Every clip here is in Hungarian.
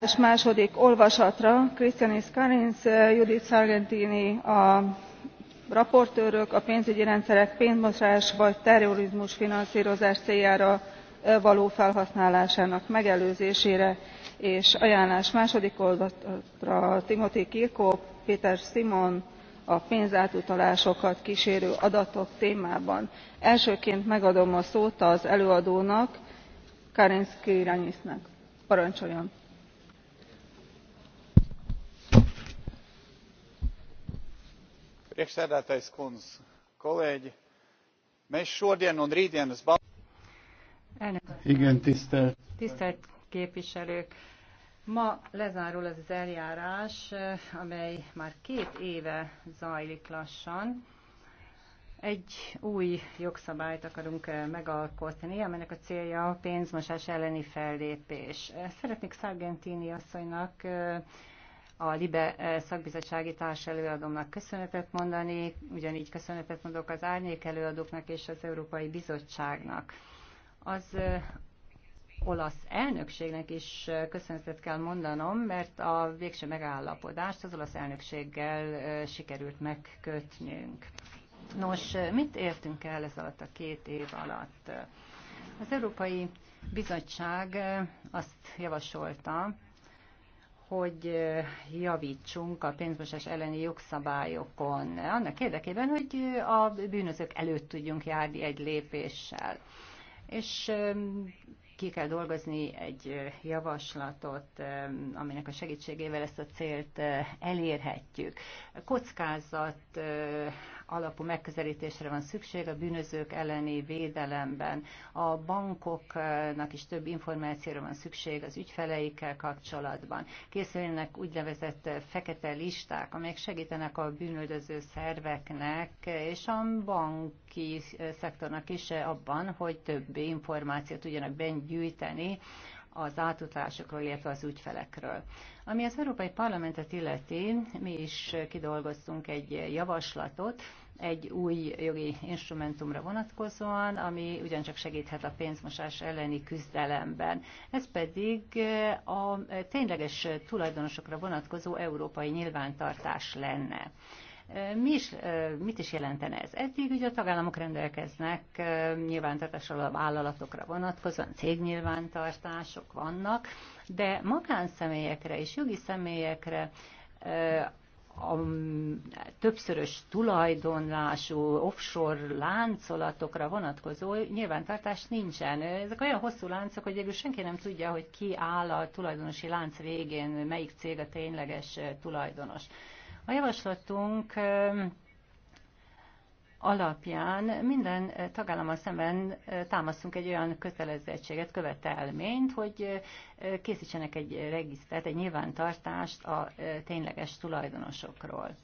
és második olvasatra christianis kariņš eh, judit sargentini a raportőrök a pénzügyi rendszerek pénzmosás vagy terrorizmus finanszrozás céljára eh, való felhasználásának megelőzésére és ajánlás második olvasatra timothy kirkhope peter simon a pénzátutalásokat ksérő adatok témában. elsőként megadom a szót az előadónak kariņš kirinisnek. parancsoljon! priekšsēdētājas kundze, kolēģi! Mēs šodien un rītdien uz Baltkrievijas... Igen, tisztelt! Tisztelt képviselők! Ma lezárul az az eljárás, amely már két éve zajlik lassan. Egy új jogszabályt akarunk eh, megalkotni, amelynek a célja a pénzmosás elleni fellépés. Szeretnék Sargentini asszonynak eh, a LIBE eh, szakbizottsági társelőadómnak köszönetet mondani, ugyanígy köszönetet mondok az árnyék előadóknak és az Európai Bizottságnak. Az eh, olasz elnökségnek is eh, köszönetet kell mondanom, mert a végső megállapodást az olasz elnökséggel sikerült megkötnünk. Nos, mit értünk el ez alatt a két év alatt? Az Európai Bizottság azt javasolta, hogy javítsunk a pénzmosás elleni jogszabályokon, annak érdekében, hogy a bűnözők előtt tudjunk járni egy lépéssel. És ki kell dolgozni egy javaslatot, aminek a segítségével ezt a célt elérhetjük. Kockázat alapú megközelítésre van szükség a bűnözők elleni védelemben. A bankoknak is több információra van szükség az ügyfeleikkel kapcsolatban. Készülnek úgynevezett fekete listák, amelyek segítenek a bűnöldöző szerveknek és a banki szektornak is abban, hogy több információt tudjanak begyűjteni az átutalásokról, illetve az ügyfelekről. Ami az Európai Parlamentet illeti, mi is kidolgoztunk egy javaslatot, egy új jogi instrumentumra vonatkozóan, ami ugyancsak segíthet a pénzmosás elleni küzdelemben. Ez pedig a tényleges tulajdonosokra vonatkozó európai nyilvántartás lenne. Mi is, mit is jelentene ez? Eddig ugye a tagállamok rendelkeznek nyilvántartással a vállalatokra vonatkozóan, cégnyilvántartások vannak, de magánszemélyekre és jogi személyekre a többszörös tulajdonlású offshore láncolatokra vonatkozó nyilvántartás nincsen. Ezek olyan hosszú láncok, hogy végül senki nem tudja, hogy ki áll a tulajdonosi lánc végén, melyik cég a tényleges tulajdonos. A javaslatunk alapján minden tagállammal szemben támasztunk egy olyan kötelezettséget, követelményt, hogy készítsenek egy regisztert, egy nyilvántartást a tényleges tulajdonosokról.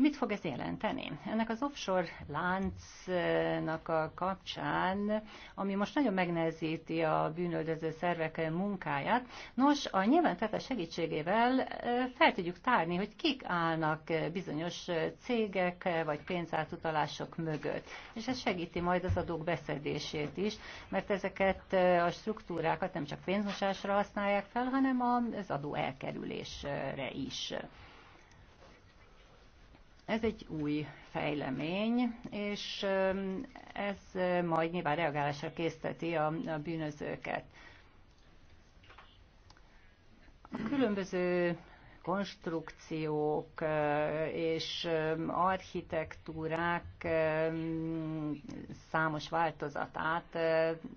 Mit fog ez jelenteni? Ennek az offshore láncnak a kapcsán, ami most nagyon megnehezíti a bűnöldöző szervek munkáját, nos, a nyilvántartás segítségével fel tudjuk tárni, hogy kik állnak bizonyos cégek vagy pénzátutalások mögött. És ez segíti majd az adók beszedését is, mert ezeket a struktúrákat nem csak pénzmosásra használják fel, hanem az adó elkerülésre is. Ez egy új fejlemény, és ez majd nyilván reagálásra készteti a, bűnözőket. A különböző konstrukciók és architektúrák számos változatát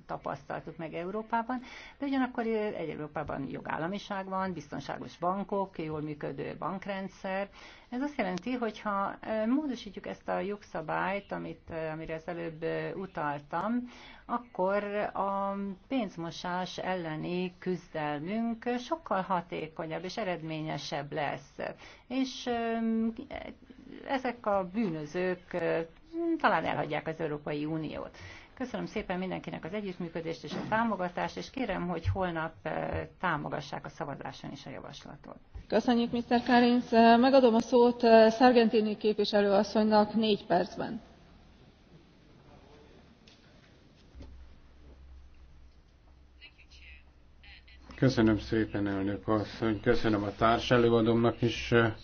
tapasztaltuk meg Európában, de ugyanakkor egy Európában jogállamiság van, biztonságos bankok, jól működő bankrendszer, ez azt jelenti, hogy ha módosítjuk ezt a jogszabályt, amit, amire az előbb utaltam, akkor a pénzmosás elleni küzdelmünk sokkal hatékonyabb és eredményesebb lesz. És ezek a bűnözők talán elhagyják az Európai Uniót. Köszönöm szépen mindenkinek az együttműködést és a támogatást, és kérem, hogy holnap támogassák a szavazáson is a javaslatot köszönjük mr kari megadom a szót sargentini képviselő asszonynak négy percben. köszönöm szépen elnök asszony köszönöm a társelőadómnak is a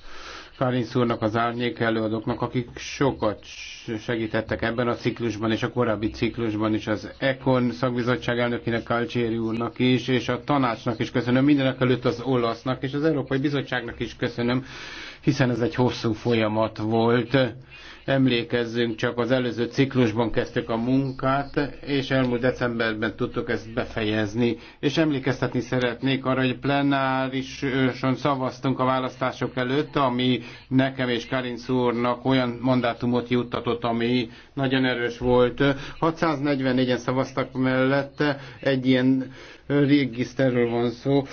Karin úrnak, az árnyék előadóknak, akik sokat segítettek ebben a ciklusban és a korábbi ciklusban is, az ECON szakbizottság elnökének, Kalcséri úrnak is, és a tanácsnak is köszönöm, mindenek előtt az olasznak, és az Európai Bizottságnak is köszönöm, hiszen ez egy hosszú folyamat volt Emlékezzünk, csak az előző ciklusban kezdtük a munkát, és elmúlt decemberben tudtuk ezt befejezni. És emlékeztetni szeretnék arra, hogy plenárison szavaztunk a választások előtt, ami nekem és Karin úrnak olyan mandátumot juttatott, ami nagyon erős volt. 644-en szavaztak mellette egy ilyen regiszterről van szó,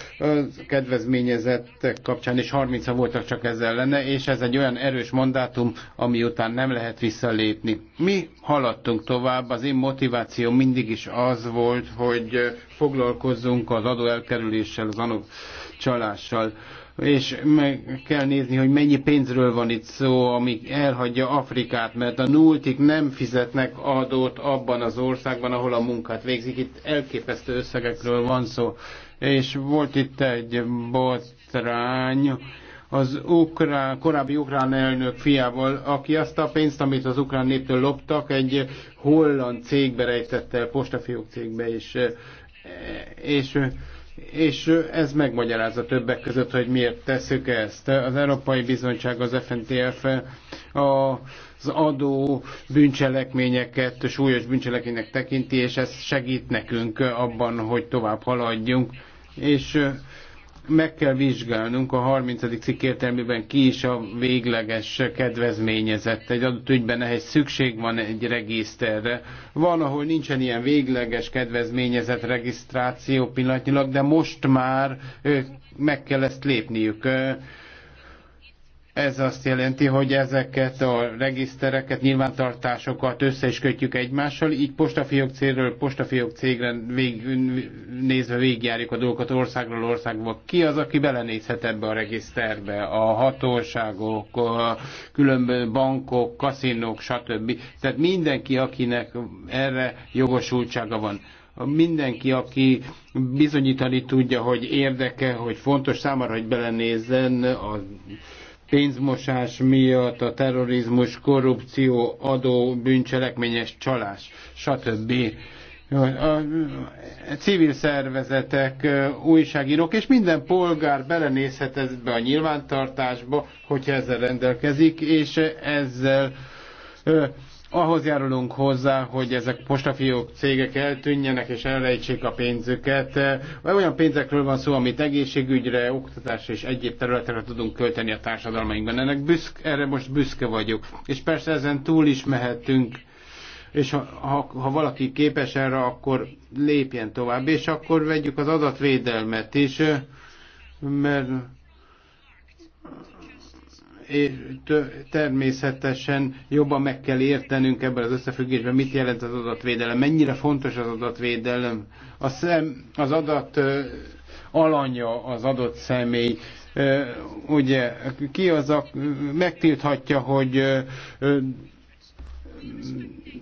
kedvezményezettek kapcsán is 30 voltak csak ezzel lenne, és ez egy olyan erős mandátum, ami után nem lehet visszalépni. Mi haladtunk tovább, az én motiváció mindig is az volt, hogy foglalkozzunk az adóelkerüléssel, az anok csalással és meg kell nézni, hogy mennyi pénzről van itt szó, ami elhagyja Afrikát, mert a nultik nem fizetnek adót abban az országban, ahol a munkát végzik. Itt elképesztő összegekről van szó. És volt itt egy botrány, az ukrán, korábbi ukrán elnök fiával, aki azt a pénzt, amit az ukrán néptől loptak, egy holland cégbe rejtette, postafiók cégbe, és, és és ez megmagyarázza többek között, hogy miért teszük ezt. Az Európai Bizottság, az FNTF az adó bűncselekményeket súlyos bűncselekménynek tekinti, és ez segít nekünk abban, hogy tovább haladjunk. És meg kell vizsgálnunk a 30. cikk értelmében ki is a végleges kedvezményezett. Egy adott ügyben ehhez szükség van egy regiszterre. Van, ahol nincsen ilyen végleges kedvezményezett regisztráció pillanatnyilag, de most már meg kell ezt lépniük ez azt jelenti, hogy ezeket a regisztereket, nyilvántartásokat össze is kötjük egymással, így postafiók cégről postafiók cégre vég, nézve végigjárjuk a dolgokat országról országba. Ki az, aki belenézhet ebbe a regiszterbe? A hatóságok, a különböző bankok, kaszinók, stb. Tehát mindenki, akinek erre jogosultsága van mindenki, aki bizonyítani tudja, hogy érdeke, hogy fontos számára, hogy belenézzen a pénzmosás miatt, a terrorizmus, korrupció, adó, bűncselekményes csalás, stb. A civil szervezetek, újságírók és minden polgár belenézhet ebbe a nyilvántartásba, hogyha ezzel rendelkezik, és ezzel ahhoz járulunk hozzá, hogy ezek postafiók cégek eltűnjenek és elrejtsék a pénzüket. vagy Olyan pénzekről van szó, amit egészségügyre, oktatásra és egyéb területekre tudunk költeni a társadalmainkban. Ennek büszk, erre most büszke vagyok. És persze ezen túl is mehetünk és ha, ha, ha valaki képes erre, akkor lépjen tovább, és akkor vegyük az adatvédelmet is, mert és természetesen jobban meg kell értenünk ebben az összefüggésben, mit jelent az adatvédelem, mennyire fontos az adatvédelem. A szem, az adat alanya az adott személy, ugye ki az a, megtilthatja, hogy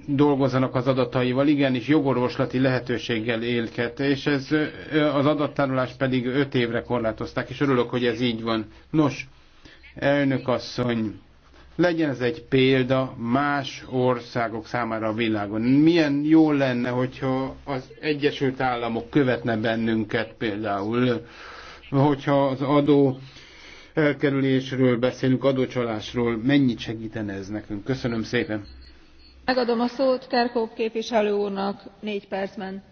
dolgozzanak az adataival, igenis jogorvoslati lehetőséggel élket, és ez az adattárolás pedig öt évre korlátozták, és örülök, hogy ez így van. Nos, Elnök asszony, legyen ez egy példa más országok számára a világon. Milyen jó lenne, hogyha az Egyesült Államok követne bennünket például, hogyha az adó elkerülésről beszélünk, adócsalásról, mennyit segítene ez nekünk? Köszönöm szépen. Megadom a szót Kerkóp képviselő úrnak négy percben.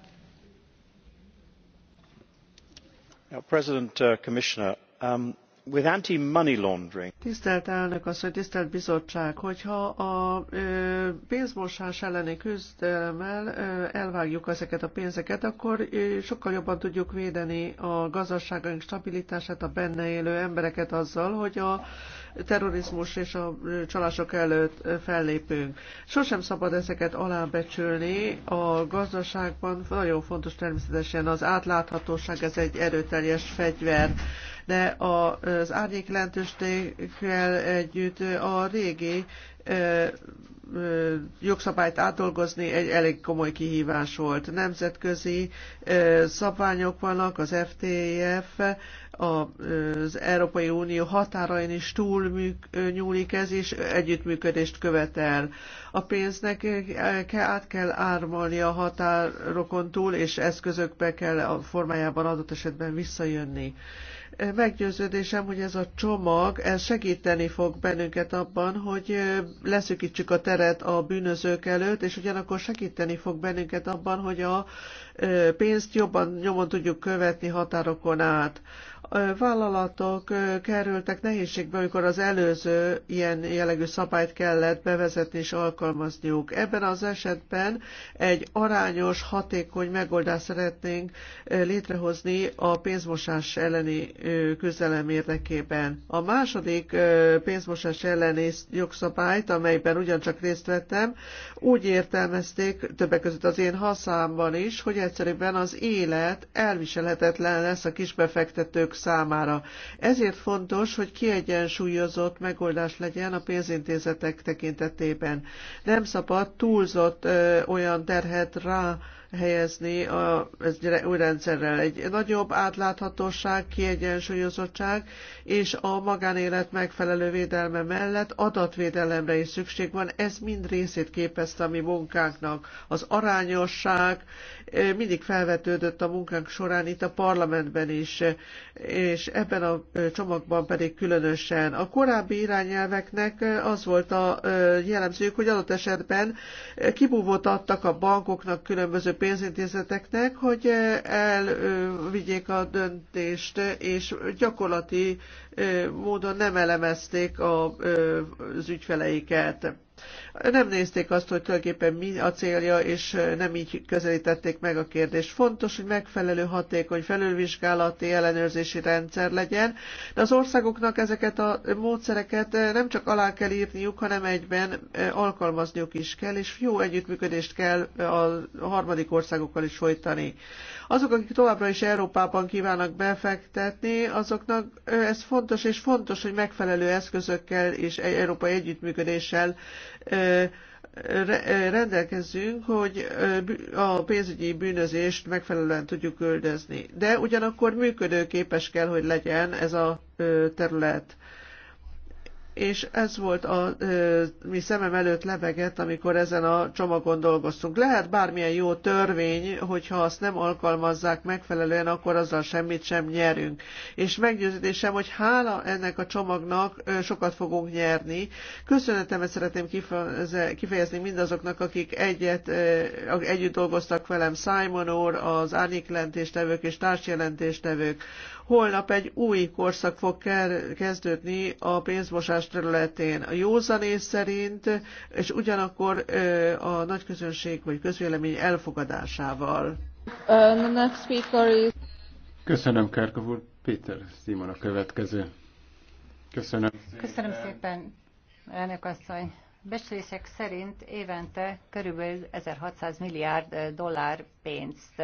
Now, President, uh, Commissioner, um, with anti-money laundering. Tisztelt elnök asszony, tisztelt bizottság, hogyha a ö, pénzmosás elleni küzdelemmel ö, elvágjuk ezeket a pénzeket, akkor ö, sokkal jobban tudjuk védeni a gazdaságunk stabilitását, a benne élő embereket azzal, hogy a terrorizmus és a csalások előtt fellépünk. Sosem szabad ezeket alábecsülni. A gazdaságban nagyon fontos természetesen az átláthatóság, ez egy erőteljes fegyver de az árnyék jelentőstékkel együtt a régi jogszabályt átdolgozni egy elég komoly kihívás volt. Nemzetközi szabványok vannak, az FTF, az Európai Unió határain is túl nyúlik ez, és együttműködést követel. A pénznek át kell ármolni a határokon túl, és eszközökbe kell a formájában adott esetben visszajönni meggyőződésem, hogy ez a csomag ez segíteni fog bennünket abban, hogy leszűkítsük a teret a bűnözők előtt, és ugyanakkor segíteni fog bennünket abban, hogy a pénzt jobban nyomon tudjuk követni határokon át. vállalatok kerültek nehézségbe, amikor az előző ilyen jellegű szabályt kellett bevezetni és alkalmazniuk. Ebben az esetben egy arányos, hatékony megoldást szeretnénk létrehozni a pénzmosás elleni küzdelem érdekében. A második pénzmosás elleni jogszabályt, amelyben ugyancsak részt vettem, úgy értelmezték többek között az én haszámban is, hogy ez egyszerűen az élet elviselhetetlen lesz a kisbefektetők számára. Ezért fontos, hogy kiegyensúlyozott megoldás legyen a pénzintézetek tekintetében. Nem szabad túlzott ö, olyan terhet rá helyezni a, ez új rendszerrel. Egy nagyobb átláthatóság, kiegyensúlyozottság és a magánélet megfelelő védelme mellett adatvédelemre is szükség van. Ez mind részét képezte a mi munkánknak. Az arányosság eh, mindig felvetődött a munkánk során itt a parlamentben is, és ebben a eh, csomagban pedig különösen. A korábbi irányelveknek eh, az volt a jellemzőjük, hogy adott esetben kibúvót adtak a bankoknak különböző pénzintézeteknek, hogy e, elvigyék a döntést, és gyakorlati módon nem elemezték az ügyfeleiket. Nem nézték azt, hogy tulajdonképpen mi a célja, és nem így közelítették meg a kérdést. Fontos, hogy megfelelő hatékony felülvizsgálati ellenőrzési rendszer legyen, de az országoknak ezeket a módszereket nem csak alá kell írniuk, hanem egyben alkalmazniuk is kell, és jó együttműködést kell a harmadik országokkal is folytani. Azok, akik továbbra is Európában kívánnak befektetni, azoknak ez fontos, és fontos, hogy megfelelő eszközökkel és európai együttműködéssel rendelkezünk, hogy a pénzügyi bűnözést megfelelően tudjuk üldözni. De ugyanakkor működőképes kell, hogy legyen ez a terület és ez volt a ö, mi szemem előtt lebegett, amikor ezen a csomagon dolgoztunk. Lehet bármilyen jó törvény, hogyha azt nem alkalmazzák megfelelően, akkor azzal semmit sem nyerünk. És meggyőződésem, hogy hála ennek a csomagnak ö, sokat fogunk nyerni. Köszönetemet szeretném kifejezni mindazoknak, akik egyet, ö, együtt dolgoztak velem, Simon úr, az árnyéklentéstevők és társjelentéstevők, holnap egy új korszak fog kezdődni a pénzmosás területén. A józanész szerint, és ugyanakkor a nagy közönség vagy közvélemény elfogadásával. Uh, Köszönöm, Kárkov úr. Péter Simon a következő. Köszönöm. Köszönöm szépen, elnök asszony. Becslések szerint évente körülbelül 1600 milliárd dollár pénzt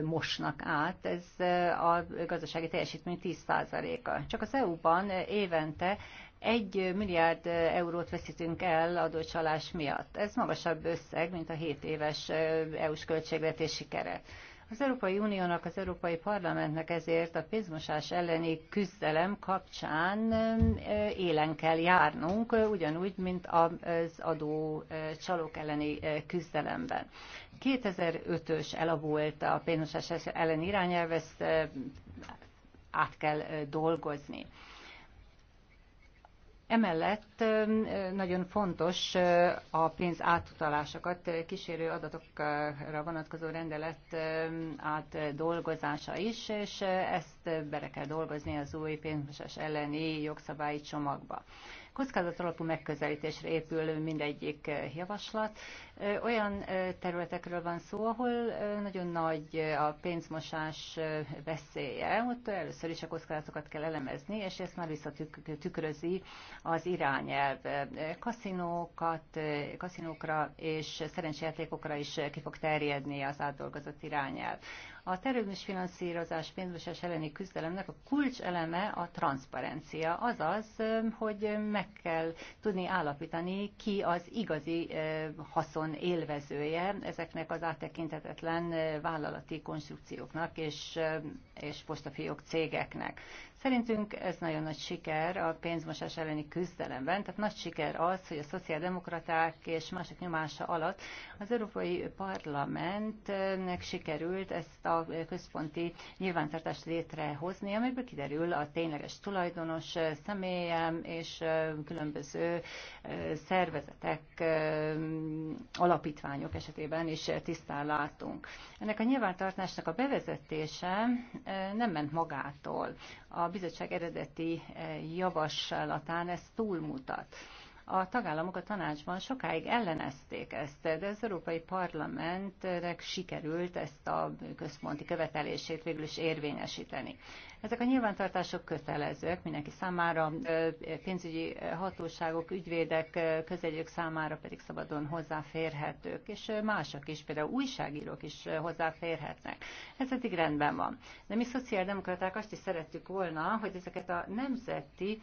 mosnak át, ez a gazdasági teljesítmény 10%-a. Csak az EU-ban évente egy milliárd eurót veszítünk el adócsalás miatt. Ez magasabb összeg, mint a 7 éves EU-s költségvetési keret. Az Európai Uniónak, az Európai Parlamentnek ezért a pénzmosás elleni küzdelem kapcsán élen kell járnunk, ugyanúgy, mint az adó csalók elleni küzdelemben. 2005-ös elavult a pénzmosás elleni irányelv, ezt át kell dolgozni. Emellett nagyon fontos a pénz átutalásokat kísérő adatokra vonatkozó rendelet átdolgozása is, és ezt bele kell dolgozni az új pénzmosás elleni jogszabályi csomagba kockázat alapú megközelítésre épül mindegyik eh, javaslat. Eh, olyan eh, területekről van szó, ahol nagyon nagy a pénzmosás veszélye, ott először is a kockázatokat kell elemezni, és ezt már visszatükrözi az irányelv. Kaszinókat, kaszinókra és szerencsejátékokra is ki fog terjedni az átdolgozott irányelv. A terrorizmus finanszírozás pénzmosás elleni küzdelemnek a kulcseleme a transzparencia, azaz, hogy meg kell tudni állapítani, ki az igazi haszon élvezője ezeknek az áttekintetetlen vállalati konstrukcióknak és, és postafiók cégeknek. Szerintünk ez nagyon nagy siker a pénzmosás elleni küzdelemben, tehát nagy siker az, hogy a szociáldemokraták és mások nyomása alatt az Európai Parlamentnek sikerült ezt a központi nyilvántartást létrehozni, amiből kiderül a tényleges tulajdonos személyem és különböző szervezetek, alapítványok esetében is tisztán látunk. Ennek a nyilvántartásnak a bevezetése nem ment magától. A bizottság eredeti eh, javaslatán ez túlmutat. A tagállamok a tanácsban sokáig ellenezték ezt, de az Európai Parlamentnek sikerült ezt a központi követelését végül is érvényesíteni. Ezek a nyilvántartások kötelezők mindenki számára, pénzügyi hatóságok, ügyvédek, közegyők számára pedig szabadon hozzáférhetők, és mások is, például újságírók is hozzáférhetnek. Ez eddig rendben van. De mi szociáldemokraták azt is szerettük volna, hogy ezeket a nemzeti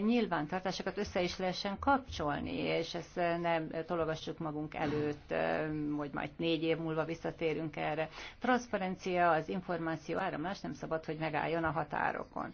nyilvántartásokat össze is lehessen kapni, kapcsolni, és ezt eh, nem tologassuk magunk előtt, eh, hogy majd négy év múlva visszatérünk erre. Transzparencia, az információ áramlás nem szabad, hogy megálljon a határokon.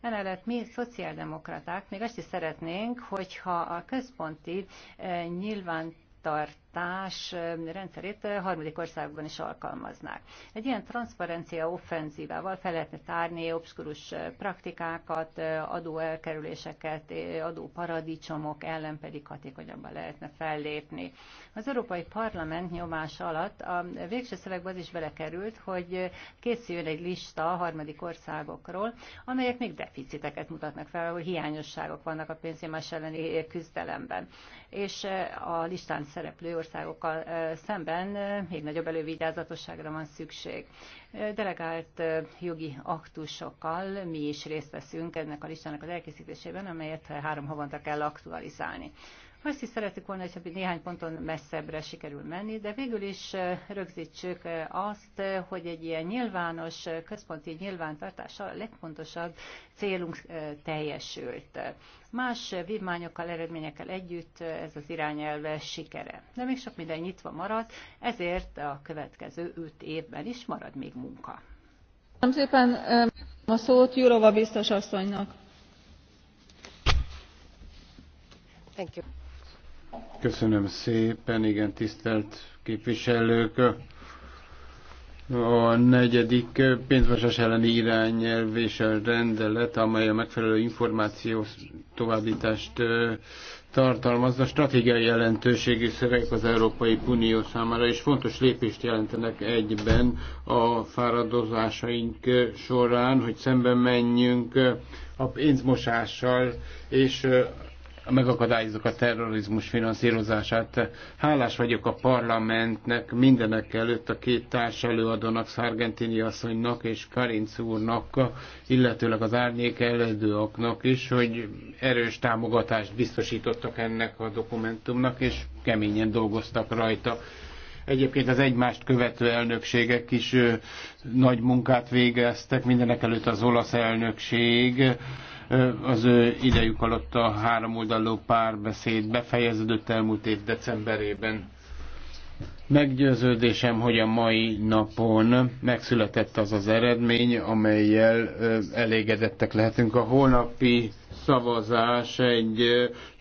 Emellett mi szociáldemokraták még azt is szeretnénk, hogyha a központi eh, nyilvántart oktatás eh, rendszerét eh, harmadik országokban is alkalmaznák. Egy ilyen transzparencia offenzívával fel lehetne tárni obszkurus eh, praktikákat, adóelkerüléseket, adóparadicsomok ellen pedig hatékonyabban lehetne fellépni. Az Európai Parlament nyomás alatt a végső szövegbe az is belekerült, hogy készüljön egy lista a harmadik országokról, amelyek még deficiteket mutatnak fel, hogy hiányosságok vannak a pénznyomás elleni küzdelemben. És a listán szereplő országokkal szemben még nagyobb elővigyázatosságra van szükség. Delegált jogi aktusokkal mi is részt veszünk ennek a listának az elkészítésében, amelyet három havonta kell aktualizálni. Azt is szeretik volna, hogyha néhány ponton messzebbre sikerül menni, de végül is rögzítsük azt, hogy egy ilyen nyilvános, központi nyilvántartása a legfontosabb célunk teljesült. Más vívmányokkal, eredményekkel együtt ez az irányelve sikere. De még sok minden nyitva maradt, ezért a következő öt évben is marad még munka. Köszönöm szépen a szót Jurova biztos asszonynak. Thank you. Köszönöm szépen, igen, tisztelt képviselők. A negyedik pénzmosás elleni irányelv és a rendelet, amely a megfelelő információ továbbítást tartalmaz, a stratégiai jelentőségű szerek az Európai Unió számára, és fontos lépést jelentenek egyben a fáradozásaink során, hogy szemben menjünk a pénzmosással és megakadályozok a terrorizmus finanszírozását. Hálás vagyok a parlamentnek, mindenek előtt a két társ előadónak, Szargentini asszonynak és Karinc úrnak, illetőleg az árnyék előadóknak is, hogy erős támogatást biztosítottak ennek a dokumentumnak, és keményen dolgoztak rajta. Egyébként az egymást követő elnökségek is nagy munkát végeztek, mindenek előtt az olasz elnökség, az ő idejük alatt a oldalú párbeszéd befejeződött elmúlt év decemberében. Meggyőződésem, hogy a mai napon megszületett az az eredmény, amelyel elégedettek lehetünk a holnapi szavazás egy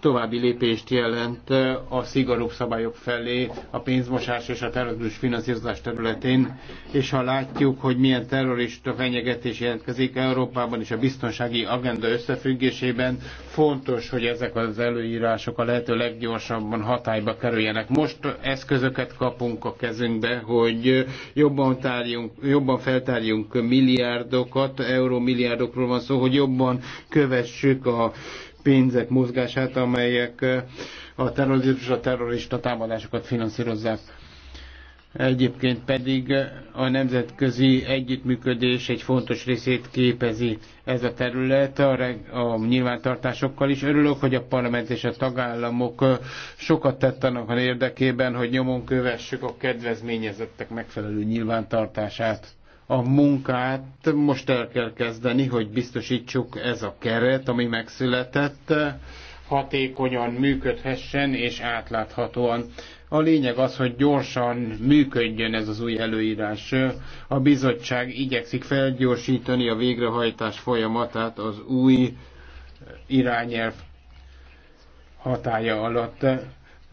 további lépést jelent a szigorúbb szabályok felé a pénzmosás és a terrorizmus finanszírozás területén, és ha látjuk, hogy milyen terrorista fenyegetés jelentkezik Európában és a biztonsági agenda összefüggésében, fontos, hogy ezek az előírások a lehető leggyorsabban hatályba kerüljenek. Most eszközöket kapunk a kezünkbe, hogy jobban, tárjunk, jobban feltárjunk milliárdokat, euró milliárdokról van szó, hogy jobban kövessük ellenőrizzük a pénzek mozgását, amelyek eh, a terrorizmus, a terrorista támadásokat finanszírozzák. Egyébként pedig eh, a nemzetközi együttműködés egy fontos részét képezi ez a terület a, reg, a nyilvántartásokkal is. Örülök, hogy a parlament és a tagállamok eh, sokat tettenek a érdekében, hogy nyomon kövessük a kedvezményezettek megfelelő nyilvántartását a munkát most el kell kezdeni, hogy biztosítsuk ez a keret, ami megszületett, hatékonyan működhessen és átláthatóan. A lényeg az, hogy gyorsan működjön ez az új előírás. A bizottság igyekszik felgyorsítani a végrehajtás folyamatát az új irányelv hatája alatt.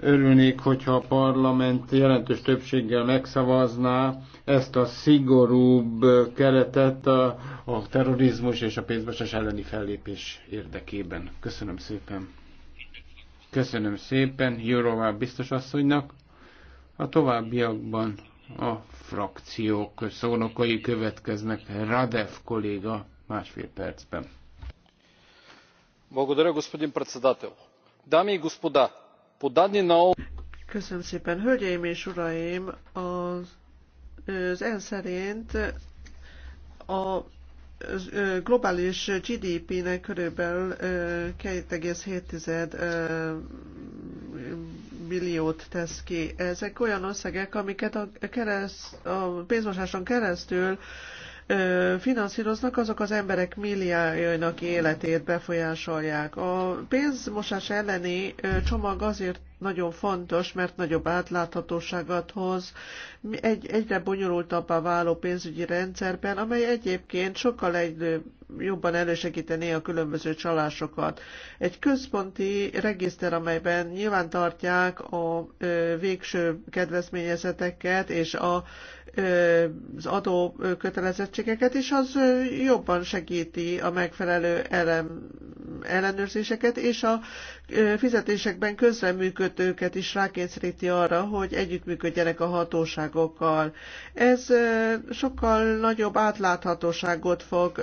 Örülnék, hogyha a parlament jelentős többséggel megszavazná ezt a szigorúbb keretet a, a terrorizmus és a pénzmosás elleni fellépés érdekében. Köszönöm szépen. Köszönöm szépen Jurová biztos asszonynak. A továbbiakban a frakciók szónokai következnek. Radev kolléga másfél percben. Köszönöm szépen, hölgyeim és uraim! Az az ENSZ szerint a globális GDP-nek körülbelül 2,7 milliót tesz ki. Ezek olyan összegek, amiket a, kereszt, a pénzmosáson keresztül finanszíroznak, azok az emberek milliájainak életét befolyásolják. A pénzmosás elleni csomag azért nagyon fontos, mert nagyobb átláthatóságot hoz egy, egyre bonyolultabbá váló pénzügyi rendszerben, amely egyébként sokkal egy, jobban elősegítené a különböző csalásokat. Egy központi regiszter, amelyben nyilván tartják a végső kedvezményezeteket és a az adó kötelezettségeket, és az jobban segíti a megfelelő elem, ellenőrzéseket, és a fizetésekben közreműködőket is rákényszeríti arra, hogy együttműködjenek a hatóságokkal. Ez sokkal nagyobb átláthatóságot fog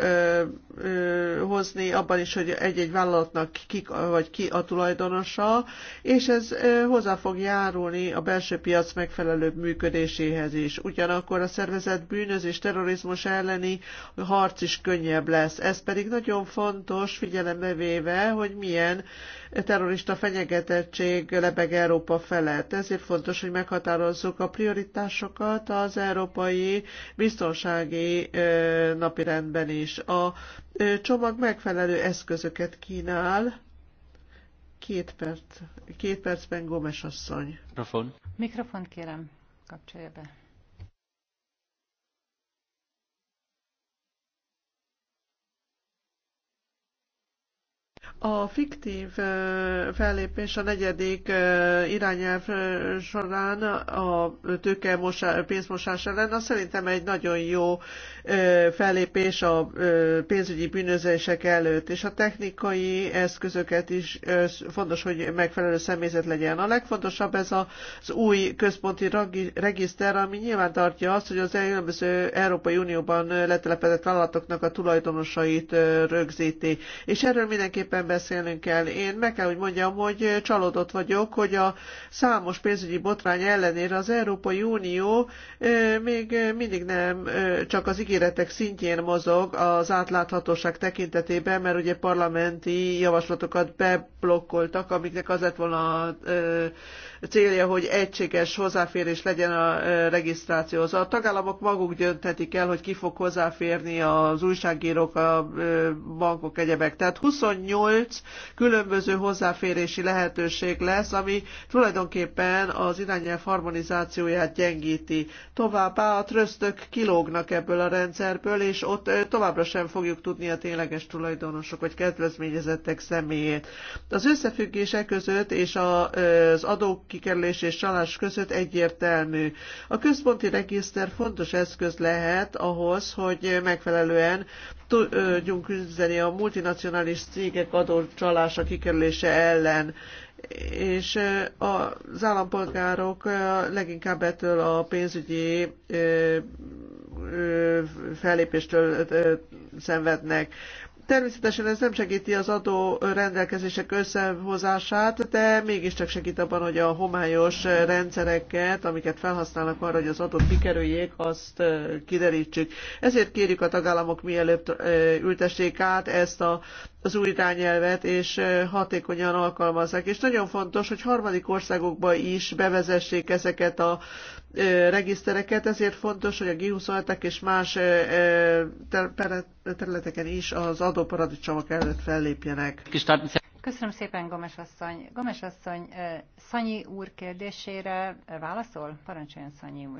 hozni abban is, hogy egy-egy vállalatnak ki, vagy ki a tulajdonosa, és ez hozzá fog járulni a belső piac megfelelőbb működéséhez is. Ugyanak akkor a szervezet bűnözés, terrorizmus elleni harc is könnyebb lesz. Ez pedig nagyon fontos figyelembe véve, hogy milyen terrorista fenyegetettség lebeg Európa felett. Ezért fontos, hogy meghatározzuk a prioritásokat az európai biztonsági napirendben is. A csomag megfelelő eszközöket kínál, Két, perc, két percben Gómez asszony. Mikrofon. Mikrofon kérem, kapcsolja be. A fiktív fellépés a negyedik irányelv során a tőke pénzmosás ellen, az szerintem egy nagyon jó fellépés a pénzügyi bűnözések előtt, és a technikai eszközöket is fontos, hogy megfelelő személyzet legyen. A legfontosabb ez az új központi regiszter, ami nyilván tartja azt, hogy az különböző Európai Unióban letelepedett vállalatoknak a tulajdonosait rögzíti. És erről mindenképpen beszélnünk kell. Én meg kell, hogy mondjam, hogy csalódott vagyok, hogy a számos pénzügyi botrány ellenére az Európai Unió még mindig nem csak az ígéretek szintjén mozog az átláthatóság tekintetében, mert ugye parlamenti javaslatokat beblokkoltak, amiknek az lett volna célja, hogy egységes hozzáférés legyen a regisztrációhoz. A tagállamok maguk dönthetik el, hogy ki fog hozzáférni az újságírók, a bankok, egyebek. Tehát 28 különböző hozzáférési lehetőség lesz, ami tulajdonképpen az irányelv harmonizációját gyengíti. Továbbá a trösztök kilógnak ebből a rendszerből, és ott továbbra sem fogjuk tudni a tényleges tulajdonosok vagy kedvezményezettek személyét. Az összefüggések között és az adók kikerülés és csalás között egyértelmű. A központi regiszter fontos eszköz lehet ahhoz, hogy megfelelően tudjunk küzdeni a multinacionális cégek csalása kikerülése ellen és az állampolgárok leginkább ettől a pénzügyi fellépéstől szenvednek. Természetesen ez nem segíti az adó rendelkezések összehozását, de mégiscsak segít abban, hogy a homályos rendszereket, amiket felhasználnak arra, hogy az adót kikerüljék, azt kiderítsük. Ezért kérjük a tagállamok mielőbb ültessék át ezt a az új irányelvet, és hatékonyan alkalmazzák. És nagyon fontos, hogy harmadik országokba is bevezessék ezeket a regisztereket, ezért fontos, hogy a g 27 és más területeken is az adóparadicsomok előtt fellépjenek. Köszönöm szépen, Gomes asszony. Gomes asszony, Szanyi úr kérdésére válaszol? Parancsoljon, Szanyi úr.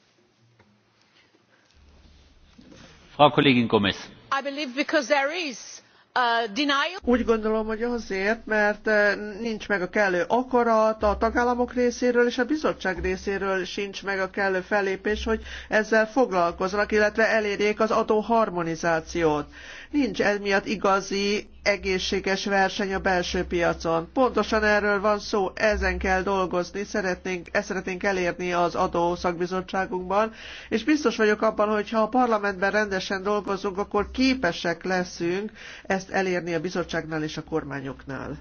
Uh, úgy gondolom, hogy azért, mert uh, nincs meg a kellő akarat a tagállamok részéről, és a bizottság részéről sincs meg a kellő fellépés, hogy ezzel foglalkozzanak illetve elérjék az adóharmonizációt nincs emiatt igazi egészséges verseny a belső piacon. Pontosan erről van szó, ezen kell dolgozni, szeretnénk, ezt szeretnénk elérni az adó szakbizottságunkban, és biztos vagyok abban, hogy ha a parlamentben rendesen dolgozunk, akkor képesek leszünk ezt elérni a bizottságnál és a kormányoknál.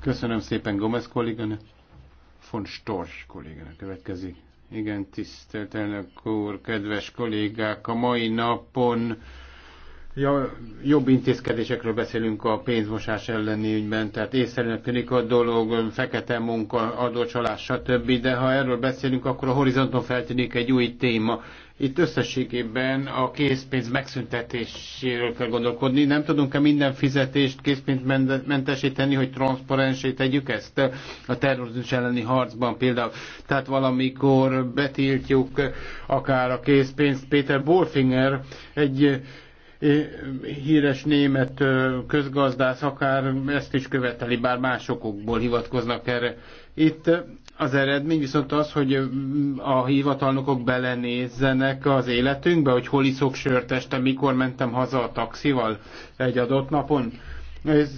Köszönöm szépen Gomez kolléganő. Von Storch kolléganő következik. Igen, tisztelt elnök úr, kedves kollégák, a mai napon Ja, jobb intézkedésekről beszélünk a pénzmosás elleni ügyben, tehát észszerűen tűnik a dolog, fekete munka, adócsalás, stb. De ha erről beszélünk, akkor a horizonton feltűnik egy új téma. Itt összességében a készpénz megszüntetéséről kell gondolkodni. Nem tudunk-e minden fizetést mentesíteni, hogy transzparensé tegyük ezt a terrorizmus elleni harcban például. Tehát valamikor betiltjuk akár a készpénzt. Péter Bolfinger egy híres német közgazdász akár ezt is követeli, bár másokból hivatkoznak erre. Itt az eredmény viszont az, hogy a hivatalnokok belenézzenek az életünkbe, hogy hol iszok sört este, mikor mentem haza a taxival egy adott napon. Ez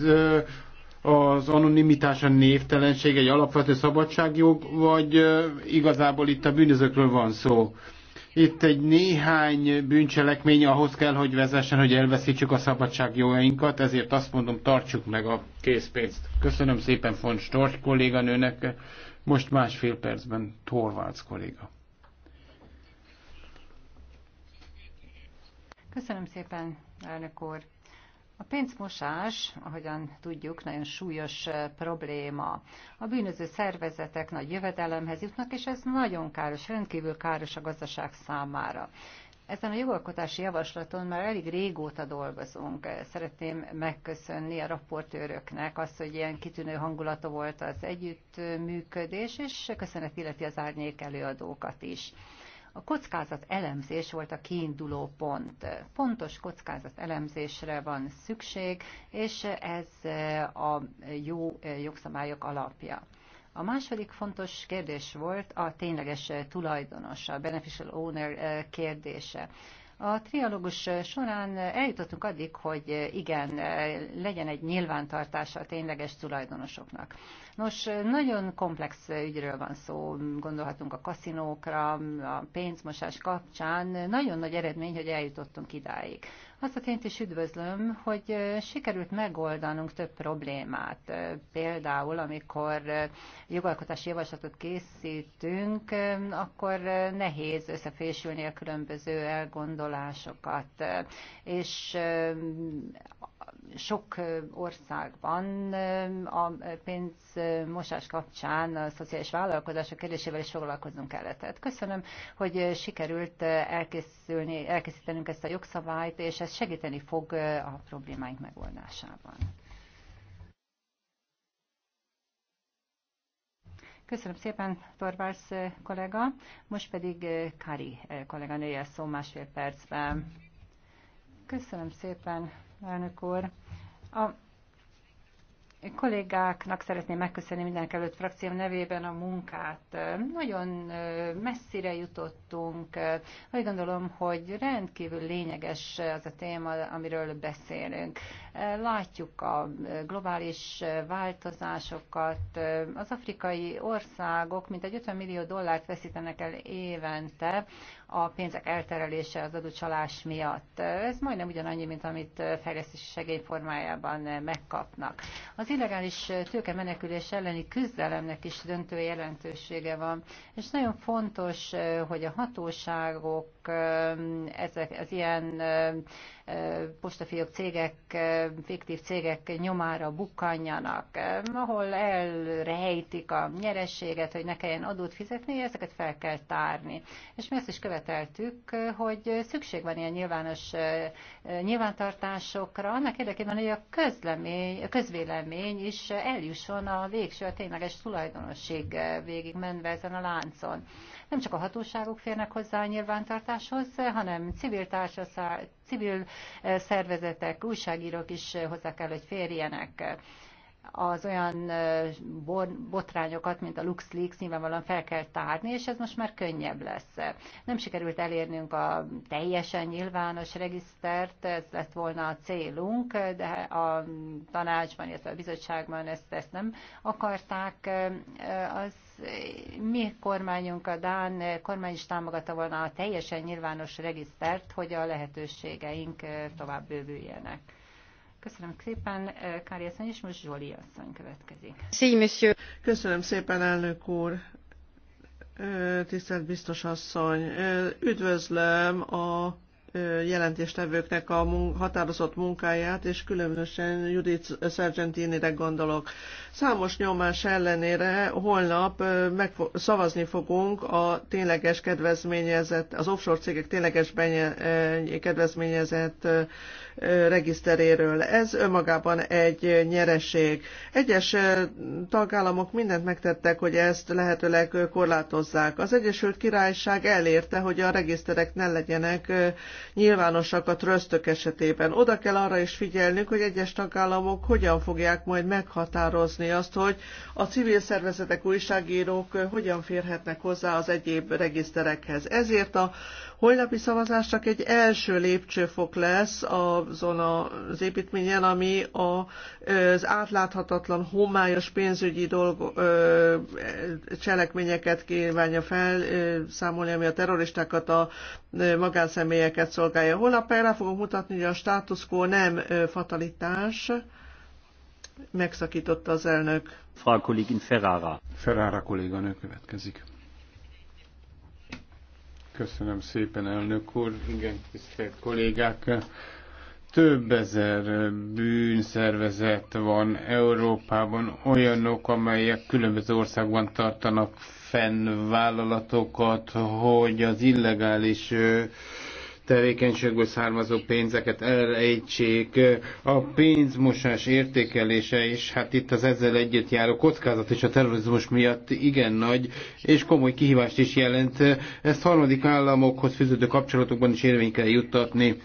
az anonimitás, a névtelenség egy alapvető szabadságjog, vagy igazából itt a bűnözőkről van szó? Itt egy néhány bűncselekmény ahhoz kell, hogy vezessen, hogy elveszítsük a jóinkat, ezért azt mondom, tartsuk meg a készpénzt. Köszönöm szépen Font Storch kolléganőnek, most másfél percben Torvalds kolléga. Köszönöm szépen, elnök úr. A pénzmosás, ahogyan tudjuk, nagyon súlyos eh, probléma. A bűnöző szervezetek nagy jövedelemhez jutnak, és ez nagyon káros, rendkívül káros a gazdaság számára. Ezen a jogalkotási javaslaton már elég régóta dolgozunk. Szeretném megköszönni a raportőröknek azt, hogy ilyen kitűnő hangulata volt az együttműködés, és köszönet illeti az árnyék előadókat is. A kockázat elemzés volt a kiinduló pont. Pontos kockázat elemzésre van szükség, és ez a jó jogszabályok alapja. A második fontos kérdés volt a tényleges tulajdonos, a beneficial owner kérdése. A trialógus során eljutottunk addig, hogy igen, legyen egy nyilvántartása a tényleges tulajdonosoknak. Nos, nagyon komplex ügyről van szó, gondolhatunk a kaszinókra, a pénzmosás kapcsán. Nagyon nagy eredmény, hogy eljutottunk idáig. Azt a tényt is üdvözlöm, hogy sikerült megoldanunk több problémát. Például, amikor jogalkotási javaslatot készítünk, akkor nehéz összefésülni a különböző elgondolásokat. És sok országban a pénzmosás kapcsán a szociális vállalkozások kérdésével is foglalkozunk kellett. Tehát köszönöm, hogy sikerült elkészülni, elkészítenünk ezt a jogszabályt, és ez segíteni fog a problémáink megoldásában. Köszönöm szépen, Torvárs kollega. Most pedig Kari kolléganője szó másfél percben. Köszönöm szépen, elnök úr. A kollégáknak szeretném megköszönni mindenek előtt frakcióm nevében a munkát. Nagyon messzire jutottunk. Úgy gondolom, hogy rendkívül lényeges az a téma, amiről beszélünk. Látjuk a globális változásokat. Az afrikai országok mintegy 50 millió dollárt veszítenek el évente a pénzek elterelése az adócsalás miatt. Ez majdnem ugyanannyi, mint amit fejlesztési segély formájában megkapnak. Az illegális tőke menekülés elleni küzdelemnek is döntő jelentősége van, és nagyon fontos, hogy a hatóságok ezek, az ilyen postafiók cégek, fiktív cégek nyomára bukkanjanak, ahol elrejtik a nyerességet, hogy ne kelljen adót fizetni, ezeket fel kell tárni. És mi ezt is követeltük, hogy szükség van ilyen nyilvános nyilvántartásokra, annak érdekében, hogy a, közlemény, a közvélemény is eljusson a végső, a tényleges tulajdonosség végig menve ezen a láncon. Nem csak a hatóságok férnek hozzá a nyilvántartáshoz, hanem civil, civil eh, szervezetek, újságírók is eh, hozzá kell, hogy férjenek az olyan botrányokat, mint a LuxLeaks nyilvánvalóan fel kell tárni, és ez most már könnyebb lesz. Nem sikerült elérnünk a teljesen nyilvános regisztert, ez lett volna a célunk, de a tanácsban, illetve a bizottságban ezt, ezt nem akarták. Az mi kormányunk, a Dán kormány is támogatta volna a teljesen nyilvános regisztert, hogy a lehetőségeink tovább bővüljenek. Köszönöm szépen, eh, Kári asszony, és most Zsoli asszony következik. monsieur. Köszönöm szépen, elnök úr. Tisztelt biztos asszony, üdvözlöm a jelentéstevőknek a határozott munkáját, és különösen Judith Sargentinire gondolok. Számos nyomás ellenére holnap szavazni fogunk a tényleges kedvezményezett, az offshore cégek tényleges kedvezményezett regiszteréről. Ez önmagában egy nyereség. Egyes tagállamok mindent megtettek, hogy ezt lehetőleg korlátozzák. Az Egyesült Királyság elérte, hogy a regiszterek ne legyenek nyilvánosak a trösztök esetében. Oda kell arra is figyelnünk, hogy egyes tagállamok hogyan fogják majd meghatározni azt, hogy a civil szervezetek, újságírók hogyan férhetnek hozzá az egyéb regiszterekhez. Ezért a Holnapi szavazás csak egy első lépcsőfok lesz azon az építményen, ami a, az átláthatatlan, homályos pénzügyi dolgo, cselekményeket kívánja felszámolni, ami a terroristákat, a magánszemélyeket szolgálja. Holnap rá fogom mutatni, hogy a status quo nem fatalitás, megszakította az elnök. Frau Kollegin Ferrara. Ferrara kolléganő következik. Köszönöm szépen, elnök úr. Igen, tisztelt kollégák. Több ezer bűnszervezet van Európában, olyanok, amelyek különböző országban tartanak fenn vállalatokat, hogy az illegális tevékenységből származó pénzeket elrejtsék, a pénzmosás értékelése, és hát itt az ezzel együtt járó kockázat és a terrorizmus miatt igen nagy, és komoly kihívást is jelent. Ezt harmadik államokhoz fűződő kapcsolatokban is érvény kell juttatni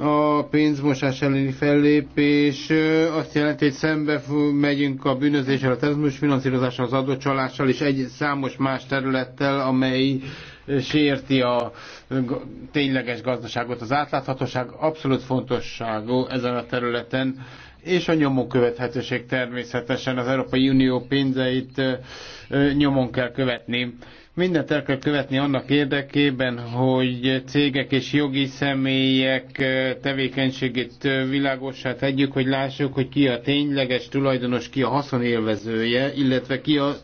a pénzmosás elleni fellépés azt jelenti, hogy szembe megyünk a bűnözéssel, a terrorizmus finanszírozással, az adócsalással és egy számos más területtel, amely sérti a tényleges gazdaságot. Az átláthatóság abszolút fontosságú ezen a területen, és a nyomon követhetőség természetesen az Európai Unió pénzeit nyomon kell követni. Mindent el kell követni annak érdekében, hogy cégek és jogi személyek tevékenységét világossá tegyük, hogy lássuk, hogy ki a tényleges tulajdonos, ki a haszonélvezője, illetve ki a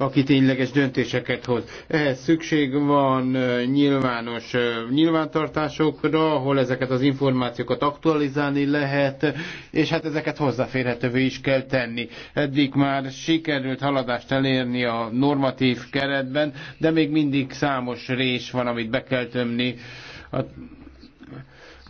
aki tényleges döntéseket hoz. Ehhez szükség van nyilvános nyilvántartásokra, ahol ezeket az információkat aktualizálni lehet, és hát ezeket hozzáférhetővé is kell tenni. Eddig már sikerült haladást elérni a normatív keretben, de még mindig számos rés van, amit be kell tömni. A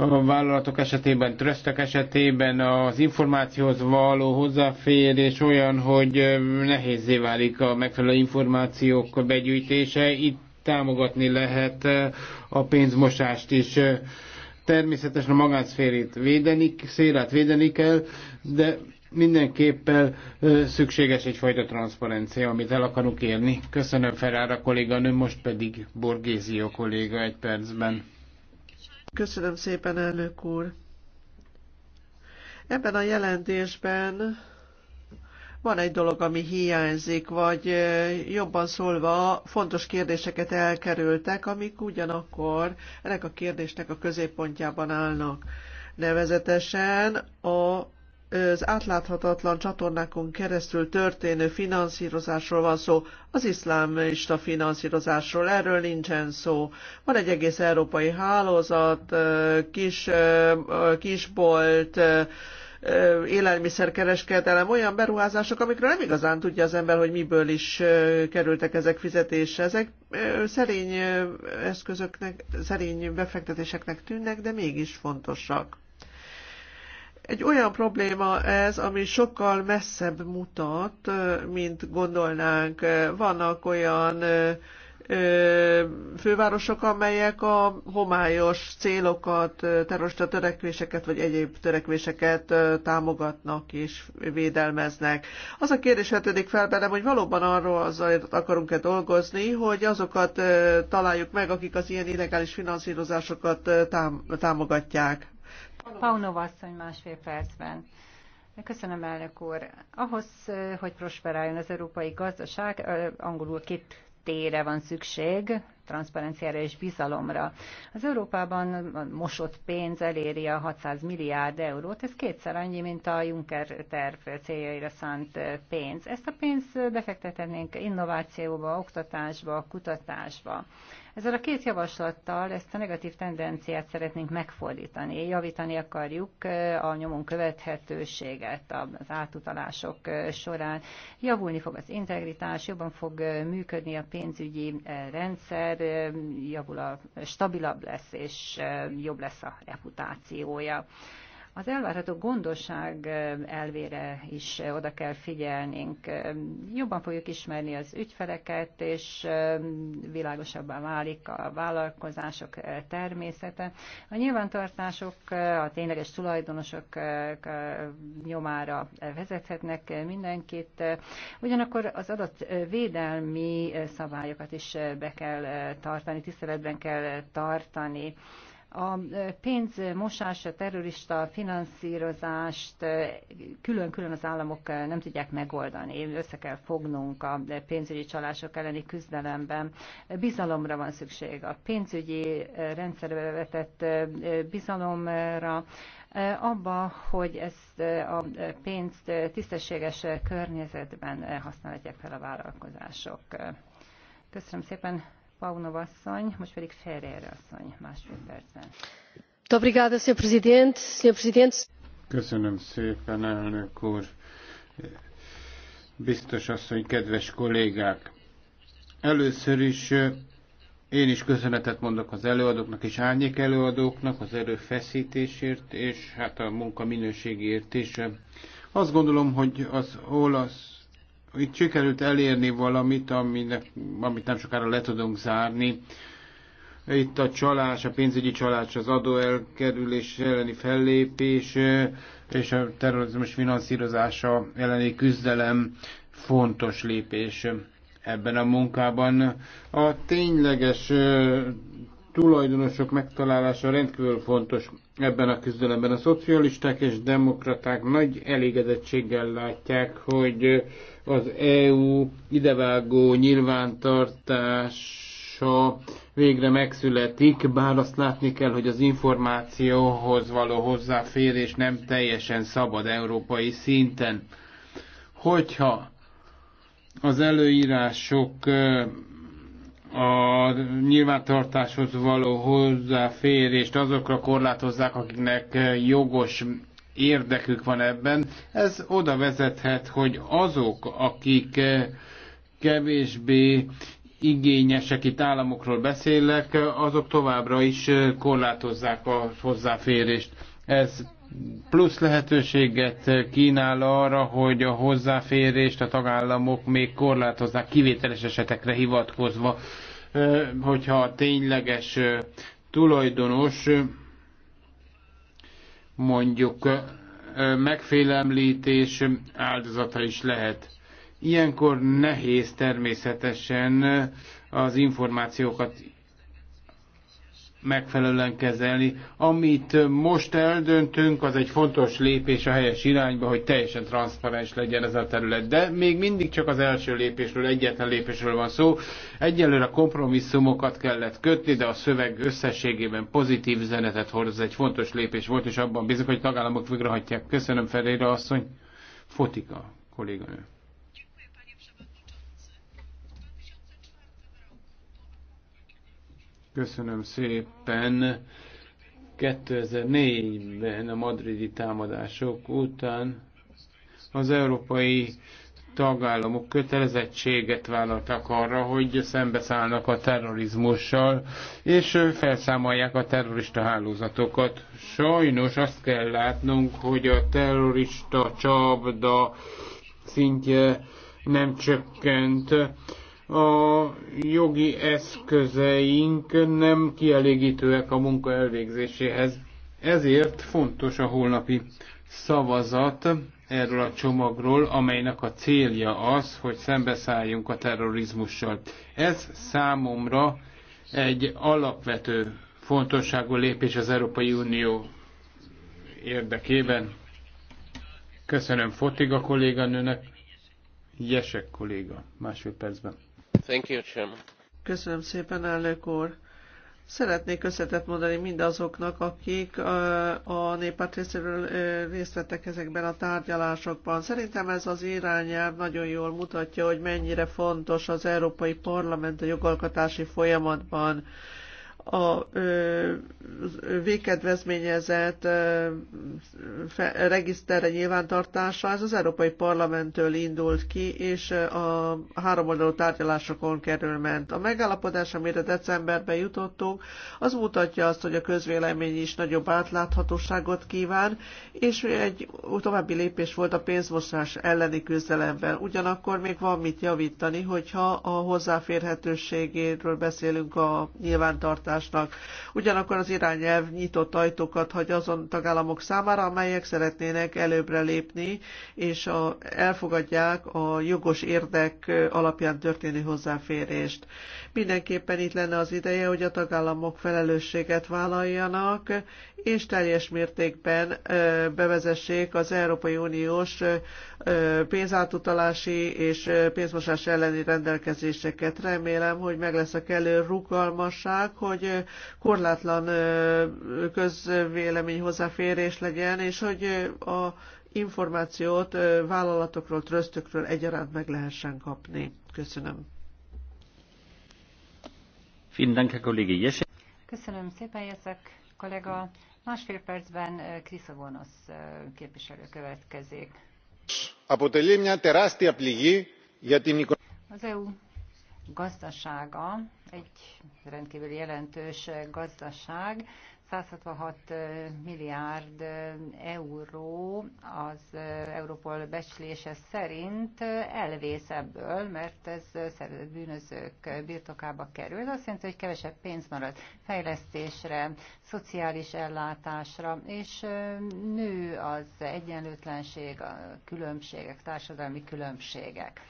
vállalatok esetében, trösztök esetében az információhoz való hozzáférés olyan, hogy nehézé válik a megfelelő információk begyűjtése. Itt támogatni lehet a pénzmosást is. Természetesen a magánszférét védeni, szélát védeni kell, de mindenképpen szükséges egyfajta transzparencia, amit el akarunk érni. Köszönöm Ferrara kolléganő, most pedig Borgézió kolléga egy percben. Köszönöm szépen, elnök úr. Ebben a jelentésben van egy dolog, ami hiányzik, vagy jobban szólva fontos kérdéseket elkerültek, amik ugyanakkor ennek a kérdésnek a középpontjában állnak. Nevezetesen a az átláthatatlan csatornákon keresztül történő finanszírozásról van szó, az iszlámista finanszírozásról, erről nincsen szó. Van egy egész európai hálózat, kis, kisbolt, élelmiszerkereskedelem, olyan beruházások, amikről nem igazán tudja az ember, hogy miből is kerültek ezek fizetése, Ezek szerény eszközöknek, szerény befektetéseknek tűnnek, de mégis fontosak. Egy olyan probléma ez, ami sokkal messzebb mutat, mint gondolnánk. Vannak olyan fővárosok, amelyek a homályos célokat, terrorista törekvéseket vagy egyéb törekvéseket támogatnak és védelmeznek. Az a kérdés vetődik fel bennem, hogy valóban arról azért akarunk-e dolgozni, hogy azokat találjuk meg, akik az ilyen illegális finanszírozásokat támogatják. Paunov asszony másfél percben. Köszönöm, elnök úr. Ahhoz, hogy prosperáljon az európai gazdaság, angolul két tére van szükség, transzparenciára és bizalomra. Az Európában a mosott pénz eléri a 600 milliárd eurót, ez kétszer annyi, mint a Juncker terv céljaira szánt pénz. Ezt a pénzt befektetnénk innovációba, oktatásba, kutatásba. Ezzel a két javaslattal ezt a negatív tendenciát szeretnénk megfordítani, javítani akarjuk a nyomon követhetőséget az átutalások során. Javulni fog az integritás, jobban fog működni a pénzügyi rendszer, javul a, stabilabb lesz és jobb lesz a reputációja. Az elvárható gondosság elvére is oda kell figyelnünk. Jobban fogjuk ismerni az ügyfeleket, és világosabbá válik a vállalkozások természete. A nyilvántartások a tényleges tulajdonosok nyomára vezethetnek mindenkit. Ugyanakkor az adott védelmi szabályokat is be kell tartani, tiszteletben kell tartani a pénzmosás, a terrorista finanszírozást külön-külön az államok nem tudják megoldani. Össze kell fognunk a pénzügyi csalások elleni küzdelemben. Bizalomra van szükség. A pénzügyi rendszerbe vetett bizalomra, abba, hogy ezt a pénzt tisztességes környezetben használják fel a vállalkozások. Köszönöm szépen, Paunov asszony, most pedig Ferrer asszony másfél percen. Obrigada, Sr. Presidente. Sr. Presidente. Köszönöm szépen, elnök úr. Biztos asszony, kedves kollégák! Először is én is köszönetet mondok az előadóknak és árnyék előadóknak az erőfeszítésért és hát a munka minőségért is. Azt gondolom, hogy az olasz itt sikerült elérni valamit, aminek, amit nem sokára le tudunk zárni. Itt a csalás, a pénzügyi csalás, az adóelkerülés elleni fellépés és a terrorizmus finanszírozása elleni küzdelem fontos lépés ebben a munkában. A tényleges tulajdonosok megtalálása rendkívül fontos ebben a küzdelemben. A szocialisták és demokraták nagy elégedettséggel látják, hogy az EU idevágó nyilvántartása végre megszületik, bár azt látni kell, hogy az információhoz való hozzáférés nem teljesen szabad európai szinten. Hogyha az előírások a nyilvántartáshoz való hozzáférést azokra korlátozzák, akiknek jogos érdekük van ebben. Ez oda vezethet, hogy azok, akik eh, kevésbé igényesek, itt államokról beszélek, azok továbbra is eh, korlátozzák a hozzáférést. Ez plusz lehetőséget eh, kínál arra, hogy a hozzáférést a tagállamok még korlátozzák kivételes esetekre hivatkozva, hogyha a tényleges tulajdonos mondjuk megfélemlítés áldozata is lehet. Ilyenkor nehéz természetesen az információkat megfelelően kezelni. Amit most eldöntünk, az egy fontos lépés a helyes irányba, hogy teljesen transzparens legyen ez a terület. De még mindig csak az első lépésről, egyetlen lépésről van szó. Egyelőre a kompromisszumokat kellett kötni, de a szöveg összességében pozitív üzenetet hordoz. Egy fontos lépés volt, és abban bízok, hogy tagállamok végrehajtják. Köszönöm Ferére asszony. Fotika kolléganő. Köszönöm szépen. 2004-ben a madridi támadások után az európai tagállamok kötelezettséget vállaltak arra, hogy szembeszállnak a terrorizmussal, és felszámolják a terrorista hálózatokat. Sajnos azt kell látnunk, hogy a terrorista csapda szintje nem csökkent a jogi eszközeink nem kielégítőek a munka elvégzéséhez. Ezért fontos a holnapi szavazat erről a csomagról, amelynek a célja az, hogy szembeszálljunk a terrorizmussal. Ez számomra egy alapvető fontosságú lépés az Európai Unió érdekében. Köszönöm Fotiga kolléganőnek, Jesek kolléga, másfél percben. Thank you, Köszönöm szépen, elnök úr. Szeretnék köszönetet mondani mindazoknak, akik a néppárt részéről részt vettek ezekben a tárgyalásokban. Szerintem ez az irányelv nagyon jól mutatja, hogy mennyire fontos az Európai Parlament a jogalkotási folyamatban a végkedvezményezett regiszterre nyilvántartása, ez az Európai Parlamenttől indult ki, és a háromoldalú tárgyalásokon kerül ment. A megállapodás, amire decemberben jutottunk, az mutatja azt, hogy a közvélemény is nagyobb átláthatóságot kíván, és egy további lépés volt a pénzmosás elleni küzdelemben. Ugyanakkor még van mit javítani, hogyha a hozzáférhetőségéről beszélünk a nyilvántartás végrehajtásnak. Ugyanakkor az irányelv nyitott ajtókat hagy azon tagállamok számára, amelyek szeretnének előbbre lépni, és a, elfogadják a jogos érdek alapján történő hozzáférést. Mindenképpen itt lenne az ideje, hogy a tagállamok felelősséget vállaljanak, és teljes mértékben bevezessék az Európai Uniós pénzátutalási és pénzmosás elleni rendelkezéseket. Remélem, hogy meg lesz a kellő rugalmasság, hogy hogy korlátlan közvélemény hozzáférés legyen, és hogy a információt vállalatokról, trösztökről egyaránt meg lehessen kapni. Köszönöm. Köszönöm szépen, Jeszek kollega. Másfél percben Kriszogonosz képviselő következik. Az EU gazdasága egy rendkívül jelentős gazdaság. 166 milliárd euró az Európol becslése szerint elvész ebből, mert ez szervezett bűnözők birtokába kerül. Ez azt jelenti, hogy kevesebb pénz marad fejlesztésre, szociális ellátásra, és nő az egyenlőtlenség, a különbségek, társadalmi különbségek.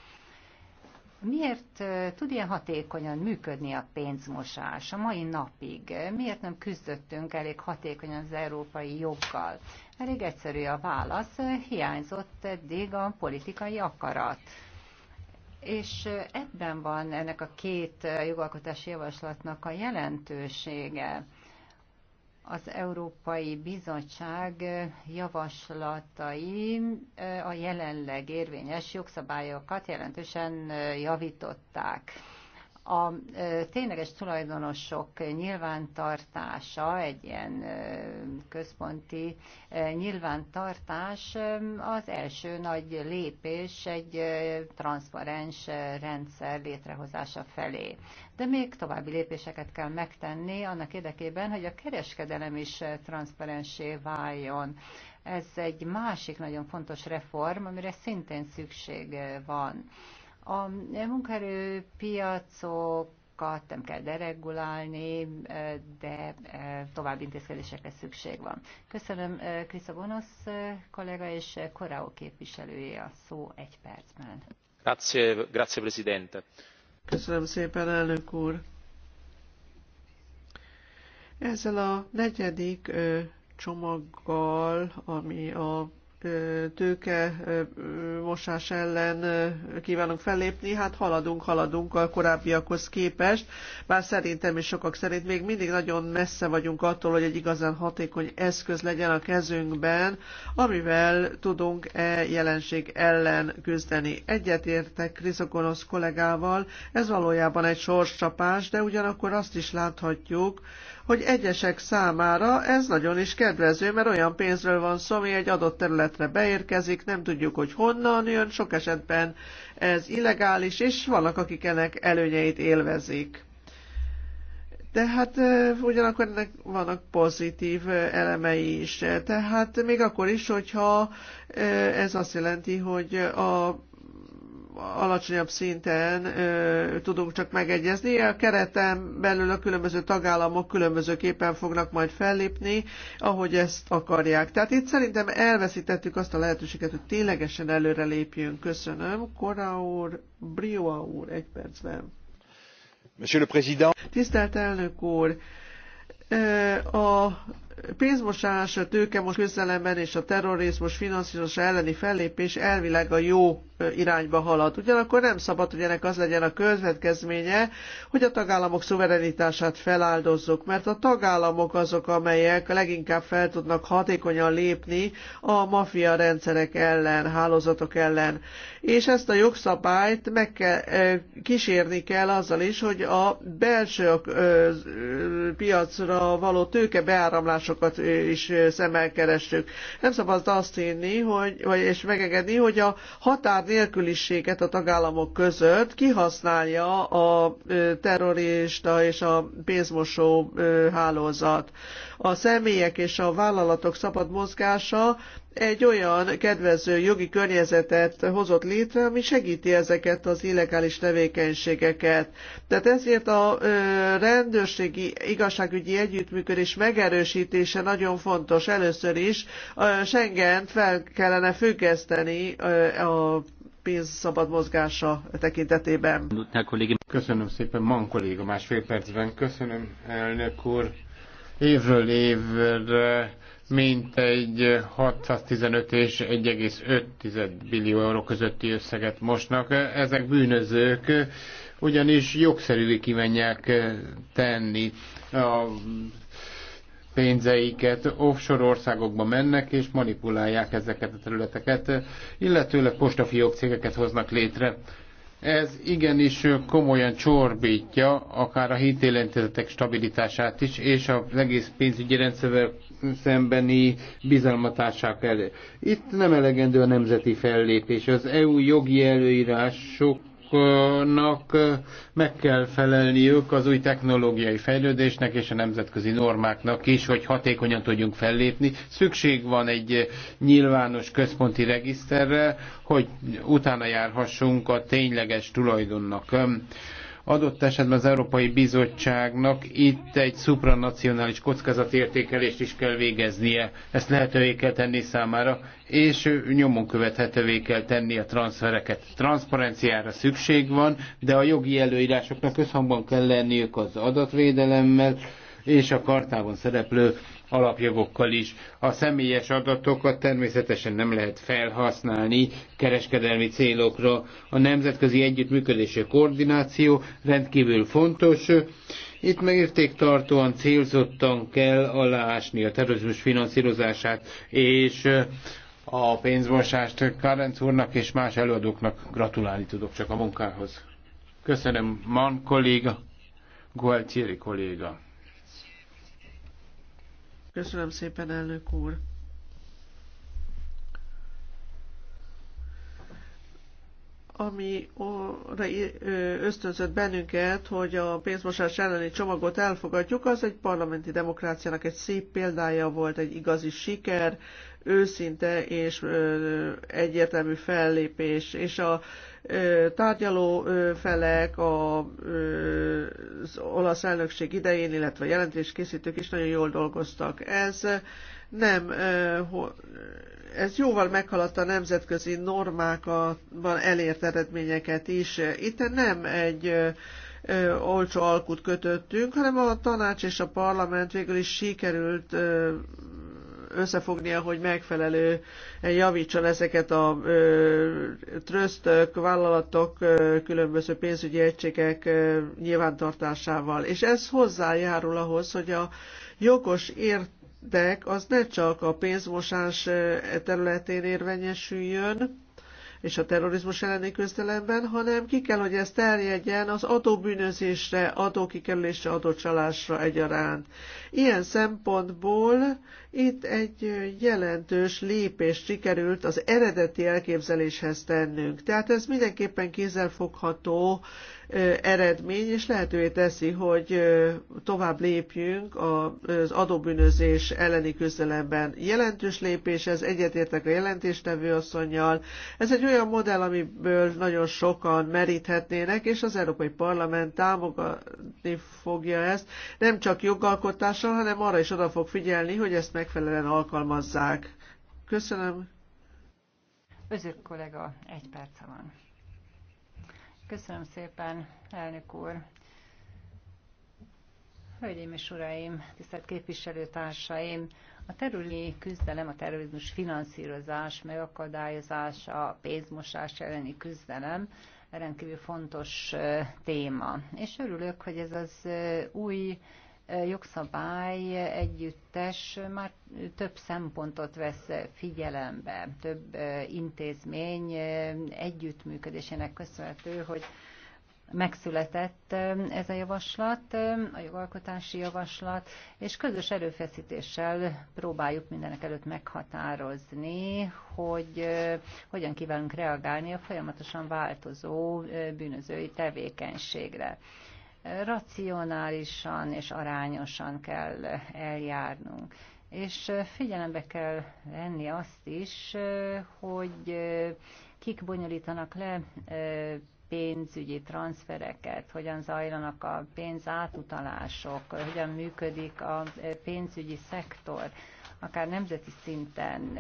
Miért tud ilyen hatékonyan működni a pénzmosás a mai napig? Miért nem küzdöttünk elég hatékonyan az európai joggal? Elég egyszerű a válasz, hiányzott eddig a politikai akarat. És ebben van ennek a két jogalkotási javaslatnak a jelentősége az Európai Bizottság javaslatai a jelenleg érvényes jogszabályokat jelentősen javították a tényleges tulajdonosok nyilvántartása, egy ilyen központi nyilvántartás az első nagy lépés egy transzparens rendszer létrehozása felé. De még további lépéseket kell megtenni annak érdekében, hogy a kereskedelem is transzparensé váljon. Ez egy másik nagyon fontos reform, amire szintén szükség van a munkaerőpiacokat nem kell deregulálni, de e, további intézkedésekre szükség van. Köszönöm e, Krisza Bonosz e, kollega és Koráó képviselője a szó egy percben. Grazie, grazie Presidente. Köszönöm szépen, elnök úr. Ezzel a negyedik ö, csomaggal, ami a tőke mosás ellen kívánunk fellépni, hát haladunk, haladunk a korábbiakhoz képest, bár szerintem és sokak szerint még mindig nagyon messze vagyunk attól, hogy egy igazán hatékony eszköz legyen a kezünkben, amivel tudunk e jelenség ellen küzdeni. Egyetértek Krizokonosz kollégával, ez valójában egy sorscsapás, de ugyanakkor azt is láthatjuk, hogy egyesek számára ez nagyon is kedvező, mert olyan pénzről van szó, ami egy adott területre beérkezik, nem tudjuk, hogy honnan jön, sok esetben ez illegális, és vannak, akik ennek előnyeit élvezik. De hát ugyanakkor ennek vannak pozitív elemei is. Tehát még akkor is, hogyha ez azt jelenti, hogy a alacsonyabb szinten ö, tudunk csak megegyezni. A kereten belül a különböző tagállamok különbözőképpen fognak majd fellépni, ahogy ezt akarják. Tehát itt szerintem elveszítettük azt a lehetőséget, hogy ténylegesen előre lépjünk. Köszönöm. Kora úr, Brioa úr, egy percben. Monsieur le Président. Tisztelt elnök úr! A pénzmosás, a tőkemos közelemben és a terrorizmus finanszírozása elleni fellépés elvileg a jó irányba halad. Ugyanakkor nem szabad, hogy ennek az legyen a következménye, hogy a tagállamok szuverenitását feláldozzuk, mert a tagállamok azok, amelyek leginkább fel tudnak hatékonyan lépni a maffia rendszerek ellen, hálózatok ellen. És ezt a jogszabályt meg kell, kísérni kell azzal is, hogy a belső piacra való tőke beáramlásokat is szemmel keressük. Nem szabad azt hinni, hogy, vagy, és megengedni, hogy a határ nélküliséget a tagállamok között kihasználja a terrorista és a pénzmosó hálózat. A személyek és a vállalatok szabad mozgása egy olyan kedvező jogi környezetet hozott létre, ami segíti ezeket az illegális tevékenységeket. Tehát ezért a rendőrségi igazságügyi együttműködés megerősítése nagyon fontos először is. Schengen fel kellene függeszteni a pénz szabad mozgása tekintetében. Köszönöm szépen, man kolléga, másfél percben. Köszönöm, elnök úr. Évről évre mint egy 615 és 1,5 billió euró közötti összeget mosnak. Ezek bűnözők, ugyanis jogszerűvé kimenják tenni a pénzeiket offshore országokba mennek és manipulálják ezeket a területeket, illetőleg postafiók cégeket hoznak létre. Ez igenis komolyan csorbítja akár a hitélentézetek stabilitását is, és az egész pénzügyi rendszerrel szembeni bizalmatásák elő. Itt nem elegendő a nemzeti fellépés. Az EU jogi előírások azoknak meg kell felelniük az új technológiai fejlődésnek és a nemzetközi normáknak is, hogy hatékonyan tudjunk fellépni. Szükség van egy nyilvános központi regiszterre, hogy utána járhassunk a tényleges tulajdonnak. Adott esetben az Európai Bizottságnak itt egy szupranacionális kockázatértékelést is kell végeznie, ezt lehetővé kell tenni számára, és nyomon követhetővé kell tenni a transfereket. Transzparenciára szükség van, de a jogi előírásoknak összhangban kell lenniük az adatvédelemmel és a kartában szereplő alapjogokkal is. A személyes adatokat természetesen nem lehet felhasználni kereskedelmi célokra. A nemzetközi együttműködési koordináció rendkívül fontos. Itt megértéktartóan célzottan kell aláásni a terrorizmus finanszírozását, és a pénzmosást Karenc úrnak és más előadóknak gratulálni tudok csak a munkához. Köszönöm, Man kolléga, Gualtieri kolléga. Köszönöm szépen, elnök úr. ami ösztönzött bennünket, hogy a pénzmosás elleni csomagot elfogadjuk, az egy parlamenti demokráciának egy szép példája volt, egy igazi siker, őszinte és egyértelmű fellépés, és a tárgyaló felek, az olasz elnökség idején, illetve a jelentéskészítők is nagyon jól dolgoztak. Ez nem, ez jóval meghaladta a nemzetközi normákban elért eredményeket is. Itt nem egy olcsó alkut kötöttünk, hanem a tanács és a parlament végül is sikerült összefognia, hogy megfelelő javítson ezeket a trösztök, vállalatok, különböző pénzügyi egységek nyilvántartásával. És ez hozzájárul ahhoz, hogy a jogos érdek az ne csak a pénzmosás területén érvényesüljön, és a terrorizmus elleni közdelemben, hanem ki kell, hogy ez terjedjen az adóbűnözésre, adókikerülésre, adócsalásra egyaránt. Ilyen szempontból itt egy jelentős lépést sikerült az eredeti elképzeléshez tennünk. Tehát ez mindenképpen kézzelfogható eredmény, és lehetővé teszi, hogy tovább lépjünk az adóbűnözés elleni küzdelemben. Jelentős lépés, ez egyetértek a jelentéstevő asszonyjal. Ez egy olyan modell, amiből nagyon sokan meríthetnének, és az Európai Parlament támogatni fogja ezt, nem csak jogalkotással, hanem arra is oda fog figyelni, hogy ezt meg megfelelően alkalmazzák. Köszönöm. Özök kollega, egy perc van. Köszönöm szépen, elnök úr. Hölgyeim és uraim, tisztelt képviselőtársaim! A területi küzdelem, a terrorizmus finanszírozás, megakadályozása, a pénzmosás elleni küzdelem rendkívül fontos téma. És örülök, hogy ez az új jogszabály együttes már több szempontot vesz figyelembe, több intézmény együttműködésének köszönhető, hogy megszületett ez a javaslat, a jogalkotási javaslat, és közös erőfeszítéssel próbáljuk mindenek előtt meghatározni, hogy hogyan kívánunk reagálni a folyamatosan változó bűnözői tevékenységre racionálisan és arányosan kell eljárnunk. És figyelembe kell venni azt is, hogy kik bonyolítanak le pénzügyi transfereket, hogyan zajlanak a pénzátutalások, hogyan működik a pénzügyi szektor, akár nemzeti szinten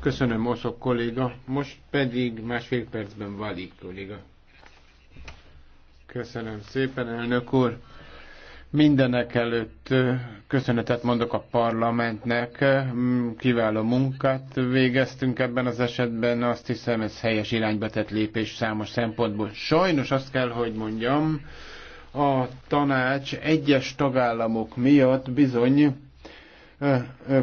Köszönöm, Oszok kolléga. Most pedig másfél percben válik kolléga. Köszönöm szépen, elnök úr. Mindenek előtt köszönetet mondok a parlamentnek, kiváló munkát végeztünk ebben az esetben, azt hiszem ez helyes irányba tett lépés számos szempontból. Sajnos azt kell, hogy mondjam, a tanács egyes tagállamok miatt bizony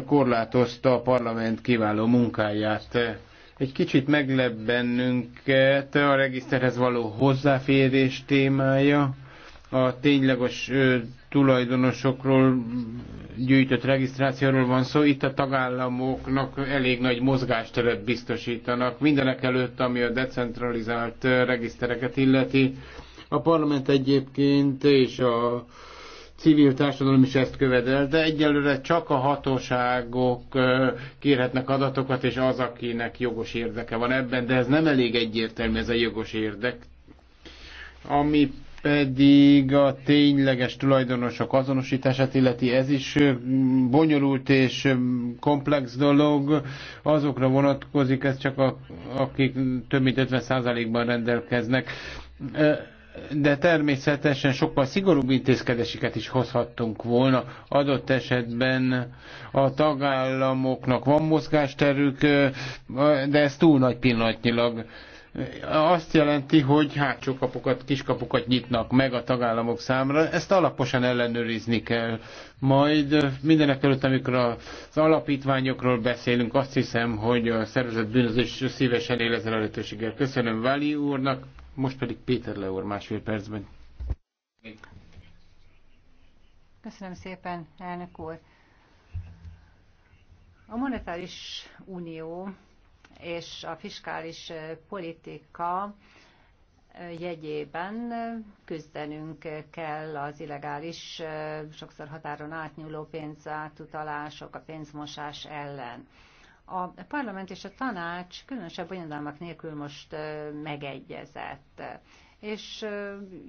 korlátozta a parlament kiváló munkáját. Egy kicsit meglep bennünket a regiszterhez való hozzáférés témája, a tényleges tulajdonosokról gyűjtött regisztrációról van szó, itt a tagállamoknak elég nagy mozgásteret biztosítanak. Mindenek előtt, ami a decentralizált regisztereket illeti, a parlament egyébként és a civil társadalom is ezt követel, de egyelőre csak a hatóságok kérhetnek adatokat, és az, akinek jogos érdeke van ebben, de ez nem elég egyértelmű, ez a jogos érdek. Ami pedig a tényleges tulajdonosok azonosítását illeti, ez is bonyolult és komplex dolog, azokra vonatkozik, ez csak a, akik több mint 50%-ban rendelkeznek de természetesen sokkal szigorúbb intézkedéseket is hozhattunk volna. Adott esetben a tagállamoknak van mozgásterük, de ez túl nagy pillanatnyilag azt jelenti, hogy hátsó kapukat, kiskapukat nyitnak meg a tagállamok számára. Ezt alaposan ellenőrizni kell. Majd mindenek előtt, amikor az alapítványokról beszélünk, azt hiszem, hogy a szervezet bűnözés szívesen él ezzel a lehetőséggel. Köszönöm Váli úrnak, most pedig Péter Leor másfél percben. Köszönöm szépen, elnök úr. A monetáris unió és a fiskális politika jegyében küzdenünk kell az illegális, sokszor határon átnyúló pénzátutalások, a pénzmosás ellen. A parlament és a tanács különösebb bonyodalmak nélkül most megegyezett és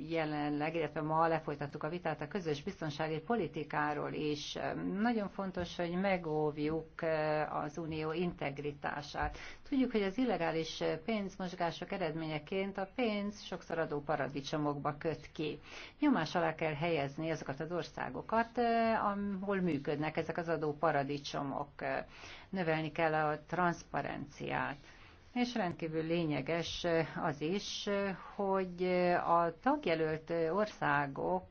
jelenleg, illetve ma lefolytattuk a vitát a közös biztonsági politikáról is. Nagyon fontos, hogy megóvjuk az unió integritását. Tudjuk, hogy az illegális pénzmozgások eredményeként a pénz sokszor adó paradicsomokba köt ki. Nyomás alá kell helyezni azokat az országokat, ahol működnek ezek az adó paradicsomok. Növelni kell a transzparenciát és rendkívül lényeges az is, hogy a tagjelölt országok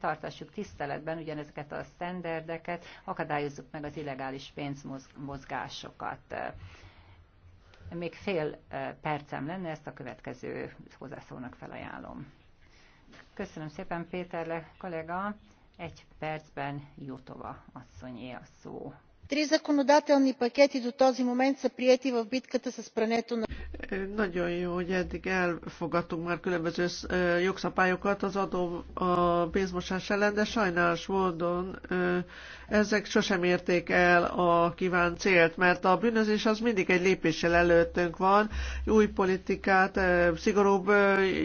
tartassuk tiszteletben ugyanezeket a sztenderdeket, akadályozzuk meg az illegális pénzmozgásokat. Még fél eh, percem lenne, ezt a következő hozzászólnak felajánlom. Köszönöm szépen Péterle kollega, egy percben Jutova asszonyé a szó три законодателни пакети до този момент са приети в битката с прането на Nagyon jó, hogy eddig elfogadtunk már különböző jogszabályokat az adó a pénzmosás ellen, de sajnálatos módon ezek sosem érték el a kívánt célt, mert a bűnözés az mindig egy lépéssel előttünk van, új politikát, szigorúbb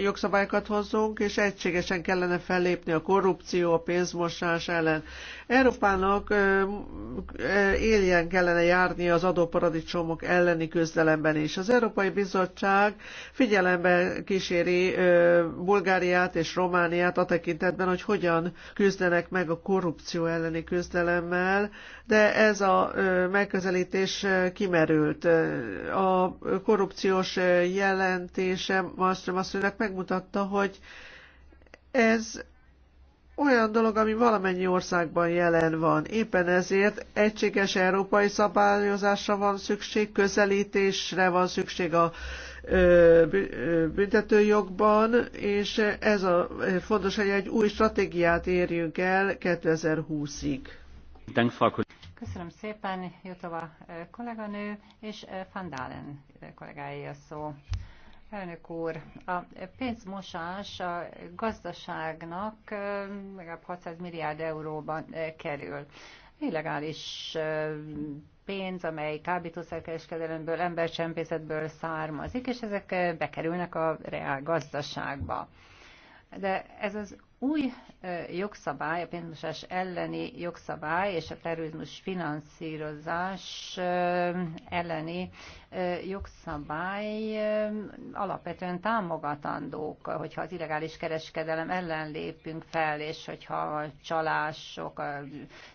jogszabályokat hozzunk, és egységesen kellene fellépni a korrupció, a pénzmosás ellen. Európának éljen kellene járni az adóparadicsomok elleni közdelemben is. Az Európai Bizottság figyelembe kíséri Bulgáriát és Romániát a tekintetben, hogy hogyan küzdenek meg a korrupció elleni közdelemmel, de ez a megközelítés kimerült. A korrupciós jelentése Malmström asszonynak megmutatta, hogy ez olyan dolog, ami valamennyi országban jelen van. Éppen ezért egységes európai szabályozásra van szükség, közelítésre van szükség a büntetőjogban, és ez a fontos, hogy egy új stratégiát érjünk el 2020-ig. Köszönöm szépen, Jutova kolléganő, és Van Dalen kollégái a szó. Elnök úr, a pénzmosás a gazdaságnak legalább 600 milliárd euróban kerül. Illegális pénz, amely kábítószerkereskedelemből, embercsempészetből származik, és ezek bekerülnek a reál gazdaságba de ez az új jogszabály, a pénzmosás elleni jogszabály és a terrorizmus finanszírozás elleni jogszabály alapvetően támogatandók, hogyha az illegális kereskedelem ellen lépünk fel, és hogyha a csalások, a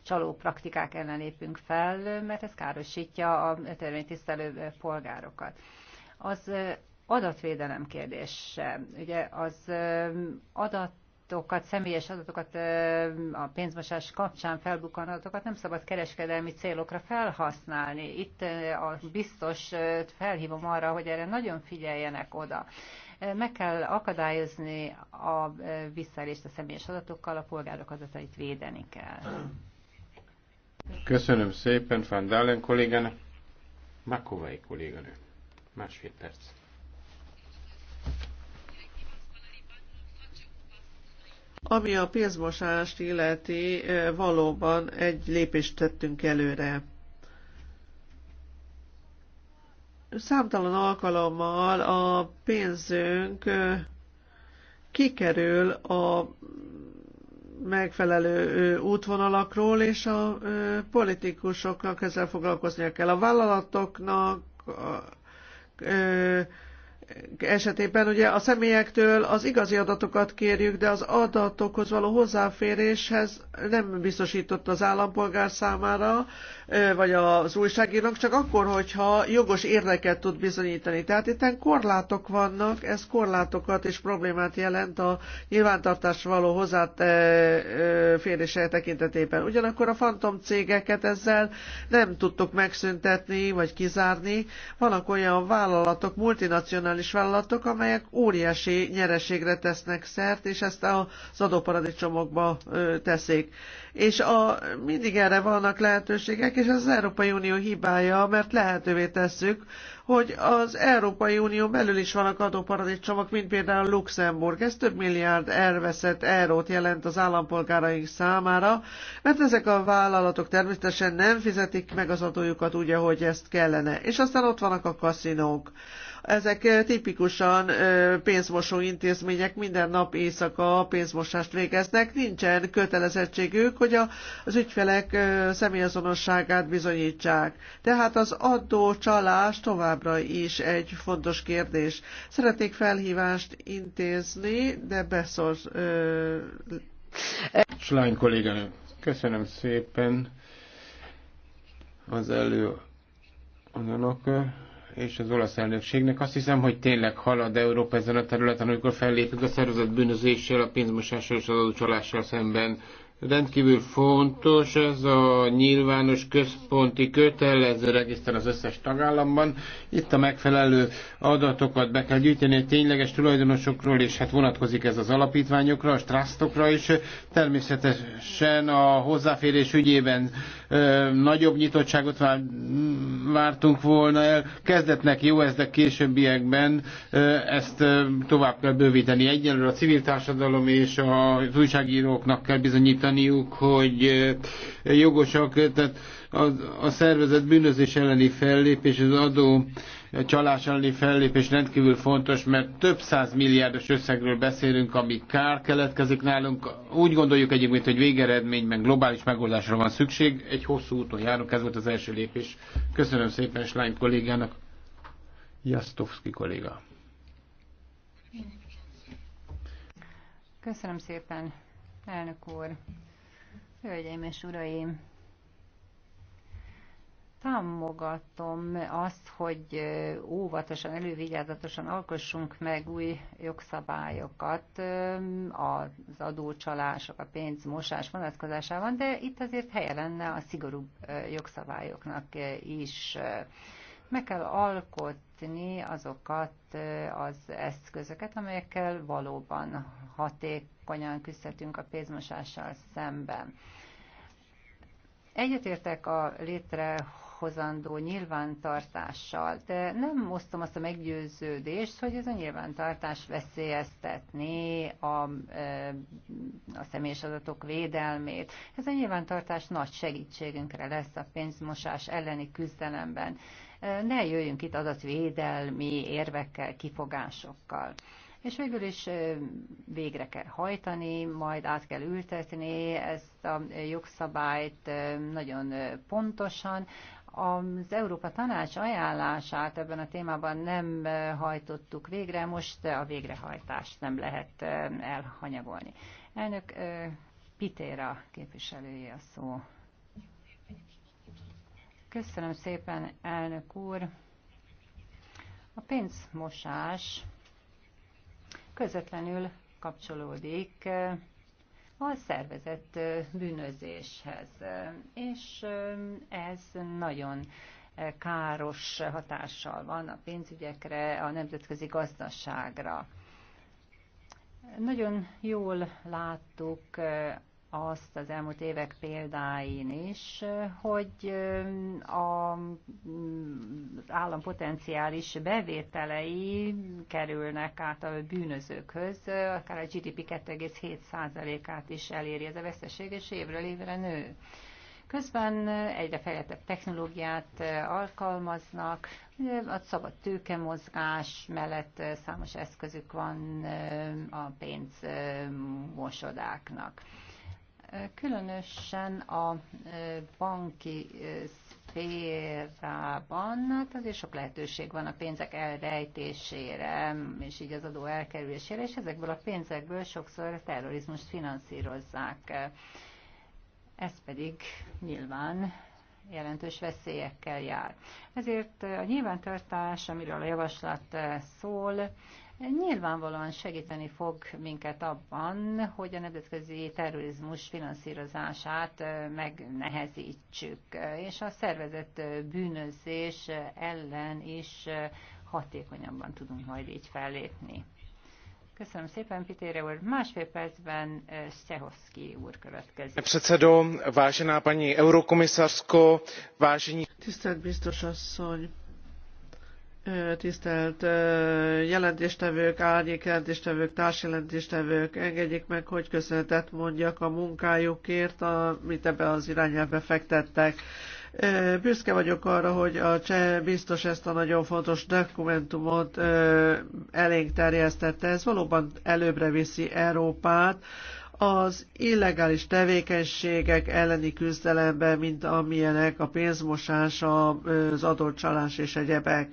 csaló praktikák ellen lépünk fel, mert ez károsítja a törvénytisztelő polgárokat. Az adatvédelem kérdése. Ugye az adat adatokat, személyes adatokat a pénzmosás kapcsán felbukkan adatokat nem szabad kereskedelmi célokra felhasználni. Itt a biztos felhívom arra, hogy erre nagyon figyeljenek oda. Meg kell akadályozni a visszaélést a személyes adatokkal, a polgárok adatait védeni kell. Köszönöm szépen Van Dalen kollégának, Makovai kolléganő. Másfél perc. Ami a pénzmosást illeti, valóban egy lépést tettünk előre. Számtalan alkalommal a pénzünk kikerül a megfelelő útvonalakról, és a politikusoknak ezzel foglalkoznia kell. A vállalatoknak, esetében ugye a személyektől az igazi adatokat kérjük, de az adatokhoz való hozzáféréshez nem biztosított az állampolgár számára, vagy az újságírók, csak akkor, hogyha jogos érdeket tud bizonyítani. Tehát itt korlátok vannak, ez korlátokat és problémát jelent a nyilvántartás való hozzáférése tekintetében. Ugyanakkor a fantom cégeket ezzel nem tudtuk megszüntetni, vagy kizárni. Vannak olyan vállalatok, multinacionális multinacionális vállalatok, amelyek óriási nyereségre tesznek szert, és ezt az adóparadicsomokba teszik. És a, mindig erre vannak lehetőségek, és ez az Európai Unió hibája, mert lehetővé tesszük, hogy az Európai Unió belül is vannak adóparadicsomok, mint például Luxemburg. Ez több milliárd elveszett eurót jelent az állampolgáraink számára, mert ezek a vállalatok természetesen nem fizetik meg az adójukat úgy, ahogy ezt kellene. És aztán ott vannak a kaszinók. Ezek tipikusan pénzmosó intézmények minden nap éjszaka pénzmosást végeznek, nincsen kötelezettségük, hogy az ügyfelek személyazonosságát bizonyítsák. Tehát az adó csalás továbbra is egy fontos kérdés. Szeretnék felhívást intézni, de beszor... Slány kolléganő, köszönöm szépen az elő önök és az olasz elnökségnek. Azt hiszem, hogy tényleg halad Európa ezen a területen, amikor fellépik a szervezett bűnözéssel, a pénzmosással és az adócsalással szemben. Rendkívül fontos ez a nyilvános központi kötelező regiszter az összes tagállamban. Itt a megfelelő adatokat be kell gyűjteni a tényleges tulajdonosokról, és hát vonatkozik ez az alapítványokra, a strasztokra is. Természetesen a hozzáférés ügyében nagyobb nyitottságot vártunk volna el. Kezdetnek jó ez, de későbbiekben ezt tovább kell bővíteni. Egyelőre a civil társadalom és az újságíróknak kell bizonyítaniuk, hogy jogosak, tehát a, a szervezet bűnözés elleni fellépés, az adó csalás elleni fellépés rendkívül fontos, mert több száz milliárdos összegről beszélünk, ami kár keletkezik nálunk. Úgy gondoljuk egyébként, hogy végeredményben globális megoldásra van szükség. Egy hosszú úton járunk, ez volt az első lépés. Köszönöm szépen Slány kollégának. Jastowski kolléga. Köszönöm szépen, elnök úr. Hölgyeim és uraim, támogatom azt, hogy óvatosan, elővigyázatosan alkossunk meg új jogszabályokat az adócsalások, a pénzmosás vonatkozásában, de itt azért helye lenne a szigorúbb jogszabályoknak is. Meg kell alkotni azokat az eszközöket, amelyekkel valóban hatékonyan küzdhetünk a pénzmosással szemben. Egyetértek a létre meghozandó nyilvántartással, de nem osztom azt a meggyőződést, hogy ez a nyilvántartás veszélyeztetné a, e, a személyes adatok védelmét. Ez a nyilvántartás nagy segítségünkre lesz a pénzmosás elleni küzdelemben. E, ne jöjjünk itt adatvédelmi érvekkel, kifogásokkal és végül is e, végre kell hajtani, majd át kell ültetni ezt a jogszabályt nagyon pontosan, az Európa Tanács ajánlását ebben a témában nem hajtottuk végre, most a végrehajtást nem lehet elhanyagolni. Elnök Pitéra képviselője a szó. Köszönöm szépen, elnök úr. A pénzmosás közvetlenül kapcsolódik a szervezett bűnözéshez. És ez nagyon káros hatással van a pénzügyekre, a nemzetközi gazdaságra. Nagyon jól láttuk azt az elmúlt évek példáin is, hogy a, az állam potenciális bevételei kerülnek át a bűnözőkhöz, akár a GDP 2,7%-át is eléri ez a veszteség, és évről évre nő. Közben egyre fejlettebb technológiát alkalmaznak, a szabad tőkemozgás mellett számos eszközük van a pénzmosodáknak. Különösen a e, banki e, szférában hát azért sok lehetőség van a pénzek elrejtésére, és így az adó elkerülésére, és ezekből a pénzekből sokszor a terrorizmust finanszírozzák. Ez pedig nyilván jelentős veszélyekkel jár. Ezért a nyilvántartás, amiről a javaslat szól, nyilvánvalóan segíteni fog minket abban, hogy a nemzetközi terrorizmus finanszírozását megnehezítsük, és a szervezett bűnözés ellen is hatékonyabban tudunk majd így fellépni. Köszönöm szépen, Pitére úr. Másfél percben Szehoszki úr következik. Předsedo, vážená paní eurokomisařko, vážení... Tisztelt biztos asszony, Tisztelt jelentéstevők, árnyék jelentéstevők, társjelentéstevők, engedjék meg, hogy köszönetet mondjak a munkájukért, amit ebbe az irányába fektettek. Büszke vagyok arra, hogy a cseh biztos ezt a nagyon fontos dokumentumot elénk terjesztette. Ez valóban előbbre viszi Európát az illegális tevékenységek elleni küzdelemben, mint amilyenek a pénzmosás, az adócsalás és egyebek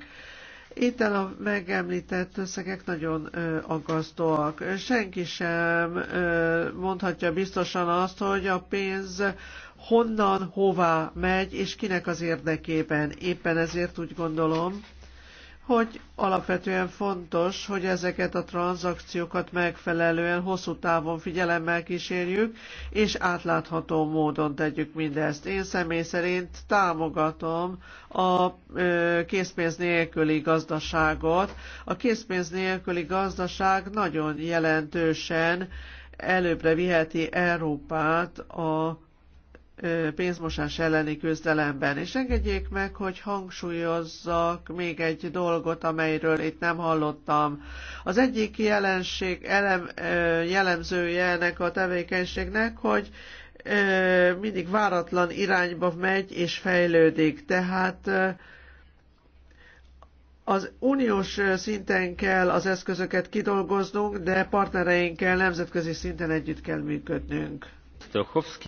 itt a megemlített összegek nagyon aggasztóak. Senki sem mondhatja biztosan azt, hogy a pénz honnan, hová megy, és kinek az érdekében. Éppen ezért úgy gondolom, hogy alapvetően fontos, hogy ezeket a tranzakciókat megfelelően hosszú távon figyelemmel kísérjük, és átlátható módon tegyük mindezt. Én személy szerint támogatom a készpénz nélküli gazdaságot. A készpénz nélküli gazdaság nagyon jelentősen előbbre viheti Európát a pénzmosás elleni küzdelemben. És engedjék meg, hogy hangsúlyozzak még egy dolgot, amelyről itt nem hallottam. Az egyik jelenség, elem, jellemzője ennek a tevékenységnek, hogy mindig váratlan irányba megy és fejlődik. Tehát az uniós szinten kell az eszközöket kidolgoznunk, de partnereinkkel nemzetközi szinten együtt kell működnünk. Stokowski.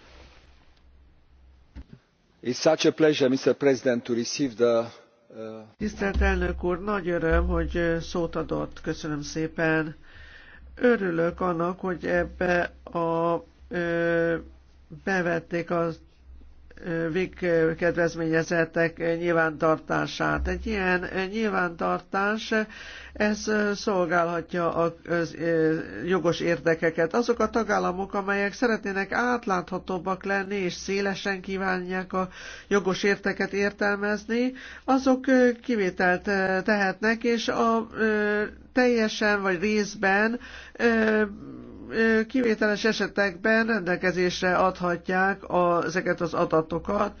Mr. Uh, Tisztelt elnök úr, nagy öröm, hogy uh, szót adott. Köszönöm szépen. Örülök annak, hogy ebbe a uh, bevették a végkedvezményezettek nyilvántartását. Egy ilyen nyilvántartás, ez szolgálhatja a jogos érdekeket. Azok a tagállamok, amelyek szeretnének átláthatóbbak lenni, és szélesen kívánják a jogos érteket értelmezni, azok kivételt tehetnek, és a teljesen vagy részben kivételes esetekben rendelkezésre adhatják a, ezeket az adatokat,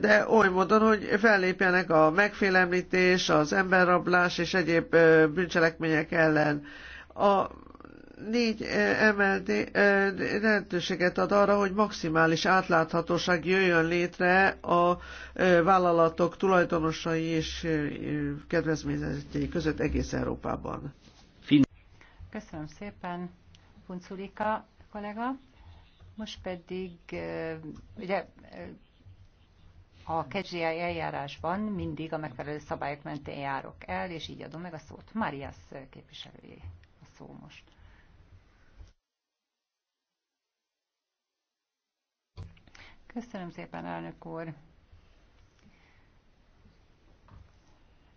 de oly módon, hogy fellépjenek a megfélemlítés, az emberrablás és egyéb bűncselekmények ellen. A négy MLD lehetőséget ad arra, hogy maximális átláthatóság jöjjön létre a vállalatok tulajdonosai és kedvezményezettjei között egész Európában. Köszönöm szépen! Frunculika kollega. Most pedig ugye a kedzsi eljárásban mindig a megfelelő szabályok mentén járok el, és így adom meg a szót. Marias képviselője a szó most. Köszönöm szépen, elnök úr!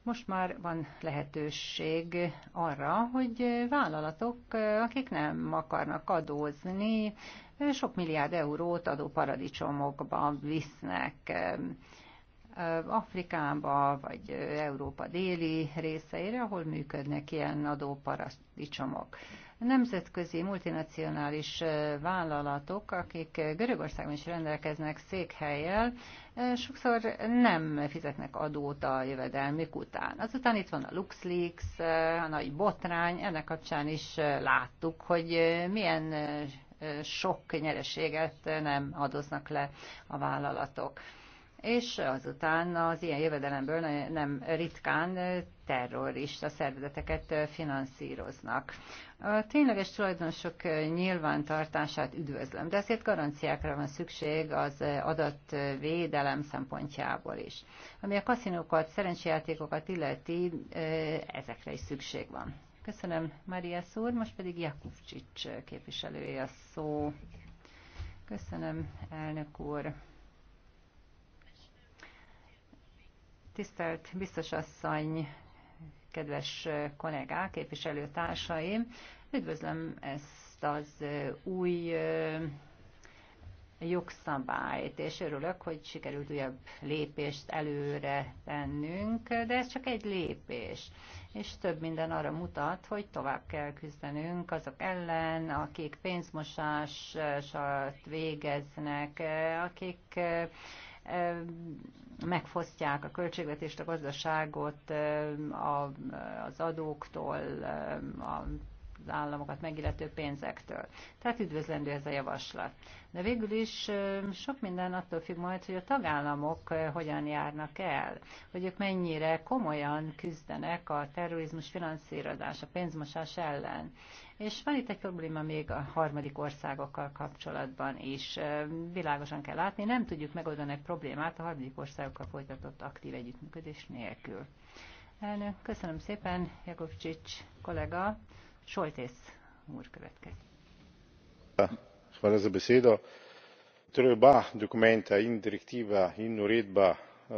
Most már van lehetőség arra, hogy vállalatok, akik nem akarnak adózni, sok milliárd eurót adóparadicsomokba visznek. Eh, Afrikába, vagy Európa déli részeire, ahol működnek ilyen adóparadicsomok nemzetközi multinacionális vállalatok, akik Görögországban is rendelkeznek székhelyel, sokszor nem fizetnek adót a jövedelmük után. Azután itt van a LuxLeaks, a nagy botrány, ennek kapcsán is láttuk, hogy milyen sok nyereséget nem adoznak le a vállalatok és azután az ilyen jövedelemből nem ritkán terrorista szervezeteket finanszíroznak. A tényleges tulajdonosok nyilvántartását üdvözlöm, de ezért garanciákra van szükség az adatvédelem szempontjából is. Ami a kaszinókat, szerencsejátékokat illeti, ezekre is szükség van. Köszönöm, Maria Szúr, most pedig Jakubcsics képviselője a szó. Köszönöm, elnök úr. Tisztelt biztos asszony, kedves kollégák, képviselőtársaim, üdvözlöm ezt az új jogszabályt, és örülök, hogy sikerült újabb lépést előre tennünk, de ez csak egy lépés. És több minden arra mutat, hogy tovább kell küzdenünk azok ellen, akik pénzmosással végeznek, akik megfosztják a költségvetést, a gazdaságot az adóktól, a államokat megillető pénzektől. Tehát üdvözlendő ez a javaslat. De végül is sok minden attól függ majd, hogy a tagállamok hogyan járnak el, hogy ők mennyire komolyan küzdenek a terrorizmus finanszírozás, a pénzmosás ellen. És van itt egy probléma még a harmadik országokkal kapcsolatban is. Világosan kell látni, nem tudjuk megoldani a problémát a harmadik országokkal folytatott aktív együttműködés nélkül. Elnök, köszönöm szépen, Jakovcsics kollega. Soltész úr következik. Hvala za besedo. Torej oba dokumenta, in direktíva, in uredba eh,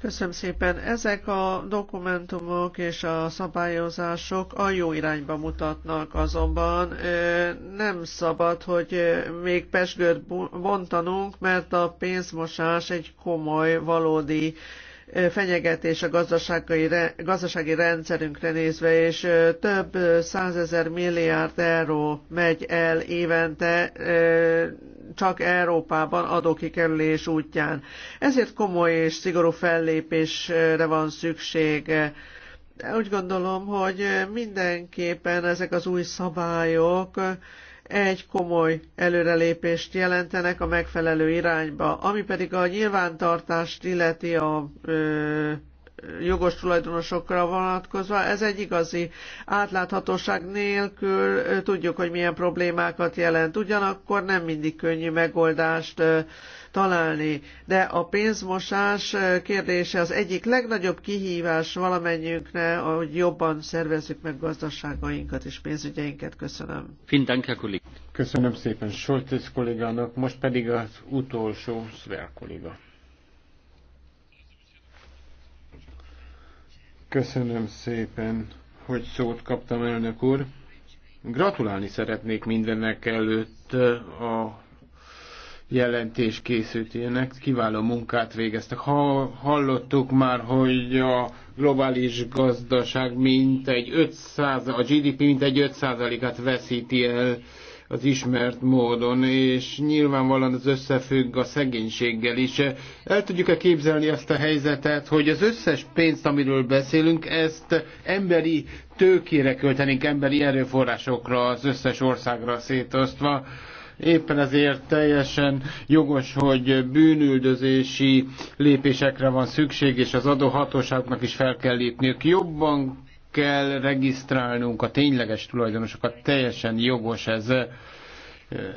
Köszönöm szépen. Ezek a dokumentumok és a szabályozások a jó irányba mutatnak, azonban eh, nem szabad, hogy eh, még pesgőt bontanunk, mert a pénzmosás egy komoly, valódi fenyegetés a gazdasági, gazdasági rendszerünkre nézve, és több százezer milliárd euró megy el évente csak Európában adókikerülés útján. Ezért komoly és szigorú fellépésre van szükség. Úgy gondolom, hogy mindenképpen ezek az új szabályok, egy komoly előrelépést jelentenek a megfelelő irányba, ami pedig a nyilvántartást illeti a ö, jogos tulajdonosokra vonatkozva, ez egy igazi átláthatóság nélkül tudjuk, hogy milyen problémákat jelent. Ugyanakkor nem mindig könnyű megoldást találni. De a pénzmosás kérdése az egyik legnagyobb kihívás valamennyiünkre, hogy jobban szervezzük meg gazdaságainkat és pénzügyeinket. Köszönöm. Köszönöm szépen Soltész kollégának, most pedig az utolsó Szver kolléga. Köszönöm szépen, hogy szót kaptam, elnök úr. Gratulálni szeretnék mindennek előtt eh, a jelentés készült ilyenek, kiváló munkát végeztek. Ha hallottuk már, hogy a globális gazdaság mint egy 500, a GDP mint egy 5%-át veszíti el az ismert módon, és nyilvánvalóan az összefügg a szegénységgel is. El tudjuk-e képzelni azt a helyzetet, hogy az összes pénzt, amiről beszélünk, ezt emberi tőkére költenénk, emberi erőforrásokra, az összes országra szétosztva, Éppen ezért teljesen jogos, hogy bűnüldözési lépésekre van szükség, és az adóhatóságnak is fel kell lépniük. Jobban kell regisztrálnunk a tényleges tulajdonosokat, teljesen jogos ez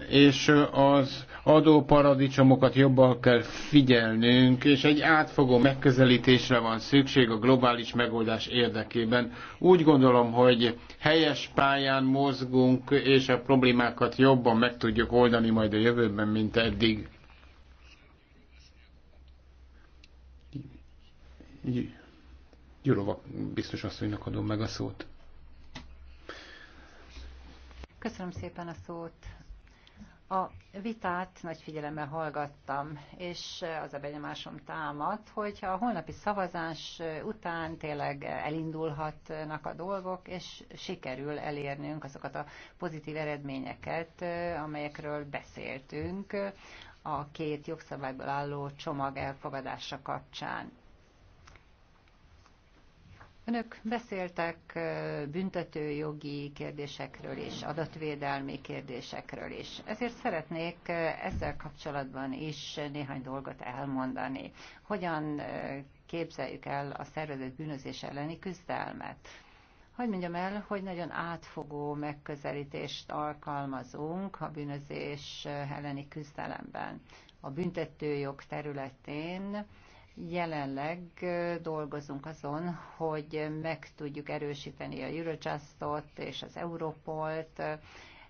és az adóparadicsomokat jobban kell figyelnünk, és egy átfogó megközelítésre van szükség a globális megoldás érdekében. Úgy gondolom, hogy helyes pályán mozgunk, és a problémákat jobban meg tudjuk oldani majd a jövőben, mint eddig. Gyurova biztos asszonynak adom meg a szót. Köszönöm szépen a szót. A vitát nagy figyelemmel hallgattam, és az a benyomásom támad, hogy a holnapi szavazás után tényleg elindulhatnak a dolgok, és sikerül elérnünk azokat a pozitív eredményeket, amelyekről beszéltünk a két jogszabályból álló csomag elfogadása kapcsán. Önök beszéltek büntetőjogi kérdésekről és adatvédelmi kérdésekről is. Ezért szeretnék ezzel kapcsolatban is néhány dolgot elmondani. Hogyan képzeljük el a szervezett bűnözés elleni küzdelmet? Hogy mondjam el, hogy nagyon átfogó megközelítést alkalmazunk a bűnözés elleni küzdelemben. A büntetőjog területén Jelenleg dolgozunk azon, hogy meg tudjuk erősíteni a Eurojustot és az Europolt,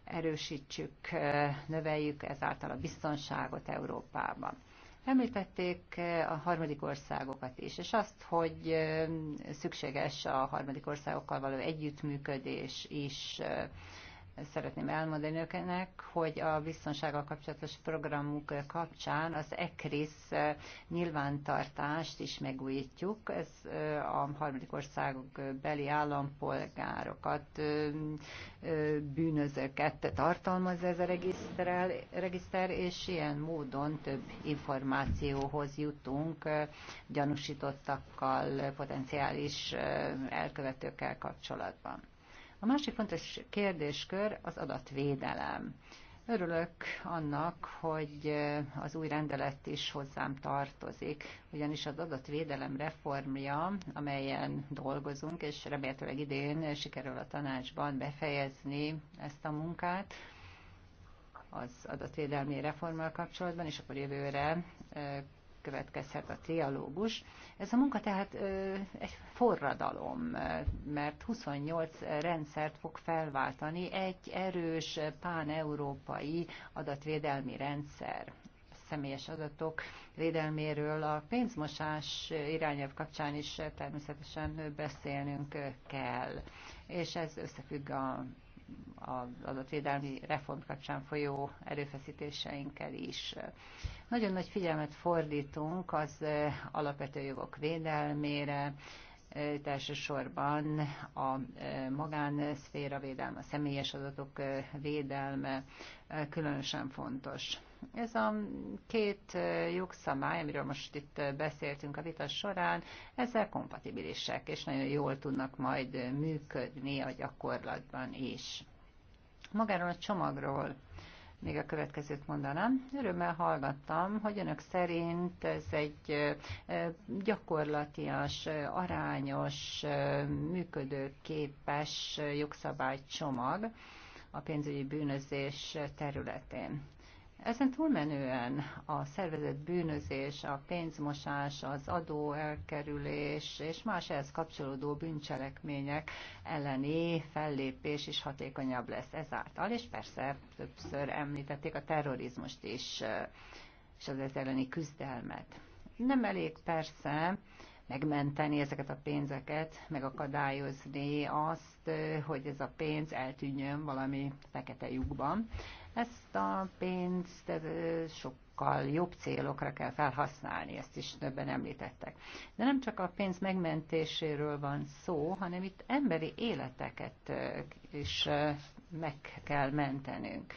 erősítsük, növeljük ezáltal a biztonságot Európában. Említették a harmadik országokat is, és azt, hogy szükséges a harmadik országokkal való együttműködés is, szeretném elmondani önöknek, hogy a biztonsággal kapcsolatos programunk kapcsán az ECRIS eh, nyilvántartást is megújítjuk. Ez eh, a harmadik országok eh, beli állampolgárokat, bűnözőket tartalmaz ez a regiszter, regiszter és ilyen módon több információhoz jutunk gyanúsítottakkal, potenciális elkövetőkkel kapcsolatban. A másik fontos kérdéskör az adatvédelem. Örülök annak, hogy az új rendelet is hozzám tartozik, ugyanis az adatvédelem reformja, amelyen dolgozunk, és remélhetőleg idén sikerül a tanácsban befejezni ezt a munkát az adatvédelmi reformmal kapcsolatban, és akkor jövőre következhet a trialógus. Ez a munka tehát egy forradalom, mert 28 rendszert fog felváltani egy erős pán-európai adatvédelmi rendszer személyes adatok védelméről a pénzmosás irányelv kapcsán is természetesen beszélnünk kell, és ez összefügg a az adatvédelmi reform kapcsán folyó erőfeszítéseinkkel is. Nagyon nagy figyelmet fordítunk az alapvető jogok védelmére, itt elsősorban a magánszféra védelme, a személyes adatok védelme különösen fontos. Ez a két jogszabály, amiről most itt beszéltünk a vita során, ezzel kompatibilisek, és nagyon jól tudnak majd működni a gyakorlatban is. Magáról a csomagról még a következőt mondanám. Örömmel hallgattam, hogy önök szerint ez egy gyakorlatias, arányos, működőképes jogszabálycsomag a pénzügyi bűnözés területén. Ezen túlmenően a szervezett bűnözés, a pénzmosás, az adóelkerülés és más ehhez kapcsolódó bűncselekmények elleni fellépés is hatékonyabb lesz ezáltal, és persze többször említették a terrorizmust is, és az ez elleni küzdelmet. Nem elég persze, megmenteni ezeket a pénzeket, megakadályozni azt, hogy ez a pénz eltűnjön valami fekete lyukban. Ezt a pénzt sokkal jobb célokra kell felhasználni, ezt is többen említettek. De nem csak a pénz megmentéséről van szó, hanem itt emberi életeket is meg kell mentenünk.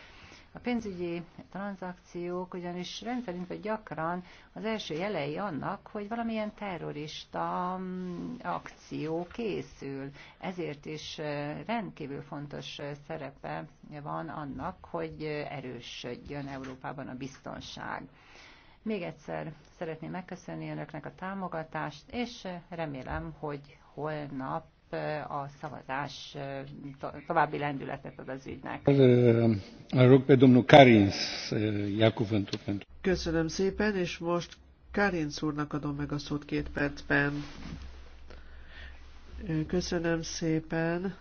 A pénzügyi tranzakciók ugyanis rendszerint vagy gyakran az első jelei annak, hogy valamilyen terrorista mm, akció készül. Ezért is rendkívül fontos szerepe van annak, hogy erősödjön Európában a biztonság. Még egyszer szeretném megköszönni önöknek a támogatást, és remélem, hogy holnap a szavazás további lendületet ad az ügynek. Köszönöm szépen, és most Karinc úrnak adom meg a szót két percben. Köszönöm szépen.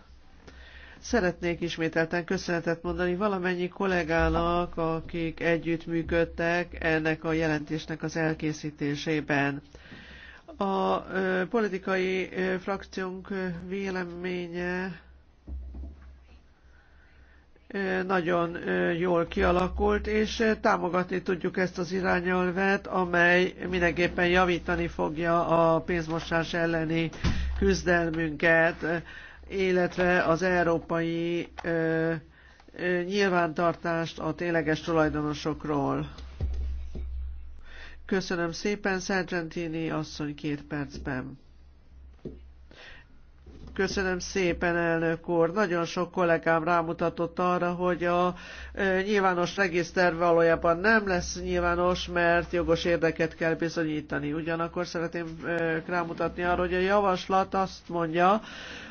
Szeretnék ismételten köszönetet mondani valamennyi kollégának, akik együttműködtek ennek a jelentésnek az elkészítésében. A politikai frakciónk véleménye nagyon jól kialakult, és támogatni tudjuk ezt az irányelvet, amely mindenképpen javítani fogja a pénzmosás elleni küzdelmünket, illetve az európai nyilvántartást a tényleges tulajdonosokról. Köszönöm szépen, Sargentini asszony két percben. Köszönöm szépen, elnök úr. Nagyon sok kollégám rámutatott arra, hogy a e, nyilvános regiszter valójában nem lesz nyilvános, mert jogos érdeket kell bizonyítani. Ugyanakkor szeretném e, rámutatni arra, hogy a javaslat azt mondja,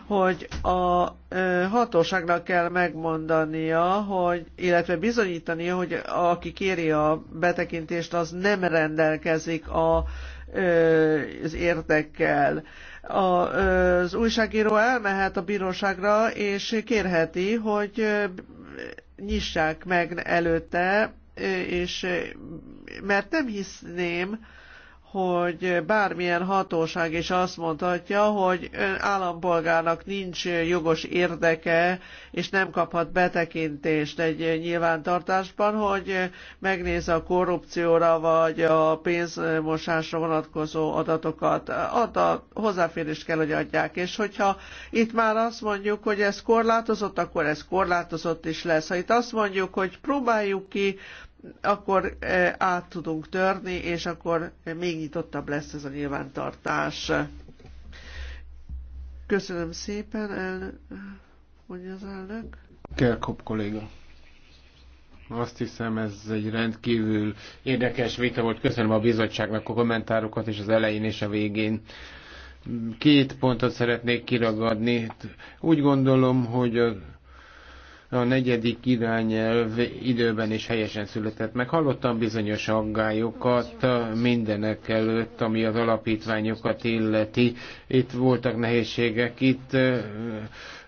hogy a e, hatóságnak kell megmondania, hogy, illetve bizonyítania, hogy aki kéri a betekintést, az nem rendelkezik a, az érdekkel az újságíró elmehet a bíróságra, és kérheti, hogy nyissák meg előtte, és mert nem hiszném, hogy bármilyen hatóság is azt mondhatja, hogy ön állampolgárnak nincs jogos érdeke, és nem kaphat betekintést egy nyilvántartásban, hogy megnéz a korrupcióra vagy a pénzmosásra vonatkozó adatokat. Adta hozzáférést kell, hogy adják. És hogyha itt már azt mondjuk, hogy ez korlátozott, akkor ez korlátozott is lesz. Ha itt azt mondjuk, hogy próbáljuk ki akkor eh, át tudunk törni, és akkor még nyitottabb lesz ez a nyilvántartás. Köszönöm szépen, el... mondja az elnök. Kerkop kolléga. Azt hiszem, ez egy rendkívül érdekes vita volt. Köszönöm a bizottságnak a kommentárokat és az elején és a végén. Két pontot szeretnék kiragadni. Úgy gondolom, hogy a a negyedik irányelv időben és helyesen született meg. Hallottam bizonyos aggályokat mindenek előtt, ami az alapítványokat illeti. Itt voltak nehézségek, itt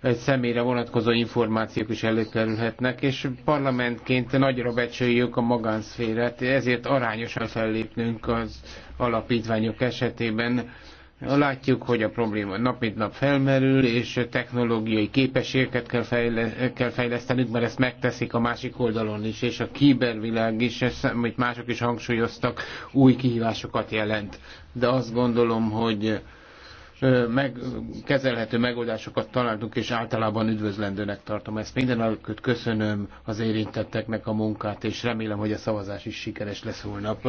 egy személyre vonatkozó információk is előkerülhetnek, és parlamentként nagyra becsüljük a magánszférát, ezért arányosan fellépnünk az alapítványok esetében Látjuk, hogy a probléma nap mint nap felmerül, és technológiai képességeket kell, fejle- kell fejlesztenünk, mert ezt megteszik a másik oldalon is, és a kibervilág is, ezt, amit mások is hangsúlyoztak, új kihívásokat jelent. De azt gondolom, hogy meg, kezelhető megoldásokat találtunk, és általában üdvözlendőnek tartom ezt. Minden alatt köszönöm az érintetteknek a munkát, és remélem, hogy a szavazás is sikeres lesz holnap.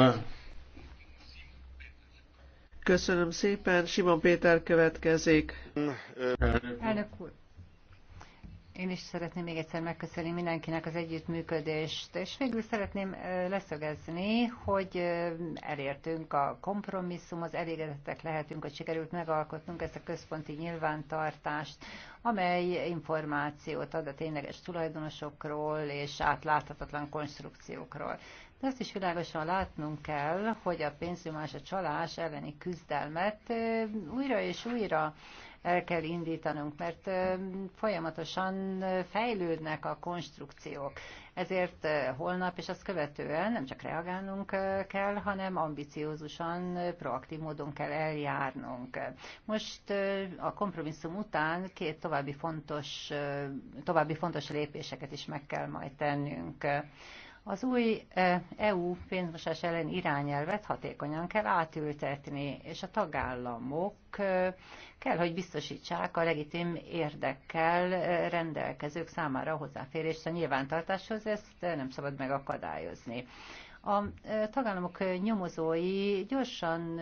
Köszönöm szépen. Simon Péter következik. Elnök úr. Én is szeretném még egyszer megköszönni mindenkinek az együttműködést, és végül szeretném leszögezni, hogy elértünk a kompromisszumhoz, elégedettek lehetünk, hogy sikerült megalkotnunk ezt a központi nyilvántartást, amely információt ad a tényleges tulajdonosokról és átláthatatlan konstrukciókról. De azt is világosan látnunk kell, hogy a pénznyomás, a csalás elleni küzdelmet újra és újra el kell indítanunk, mert folyamatosan fejlődnek a konstrukciók. Ezért holnap és azt követően nem csak reagálnunk kell, hanem ambiciózusan, proaktív módon kell eljárnunk. Most a kompromisszum után két további fontos, további fontos lépéseket is meg kell majd tennünk. Az új EU e pénzmosás ellen irányelvet hatékonyan kell átültetni, és a tagállamok e, kell, hogy biztosítsák a legitim érdekkel e, rendelkezők számára a hozzáférést a nyilvántartáshoz, ezt nem szabad megakadályozni a tagállamok nyomozói gyorsan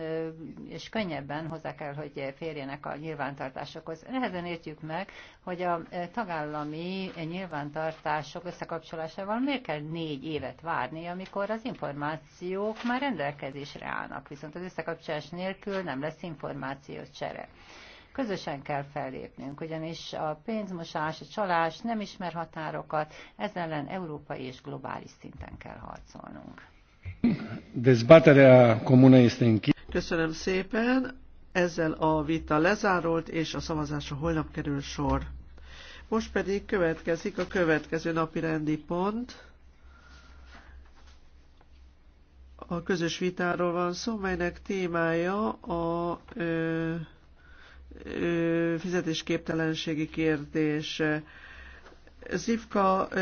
és könnyebben hozzá kell, hogy férjenek a nyilvántartásokhoz. Nehezen értjük meg, hogy a tagállami nyilvántartások összekapcsolásával miért kell négy évet várni, amikor az információk már rendelkezésre állnak, viszont az összekapcsolás nélkül nem lesz csere. Közösen kell fellépnünk, ugyanis a pénzmosás, a csalás nem ismer határokat, ezzel ellen európai és globális szinten kell harcolnunk. Dezbaterea comună este închisă. Köszönöm szépen. Ezzel a vita lezárult, és a szavazásra holnap kerül sor. Most pedig következik a következő napi rendi pont. A közös vitáról van szó, melynek témája a ö, ö, fizetésképtelenségi kérdés. Zivka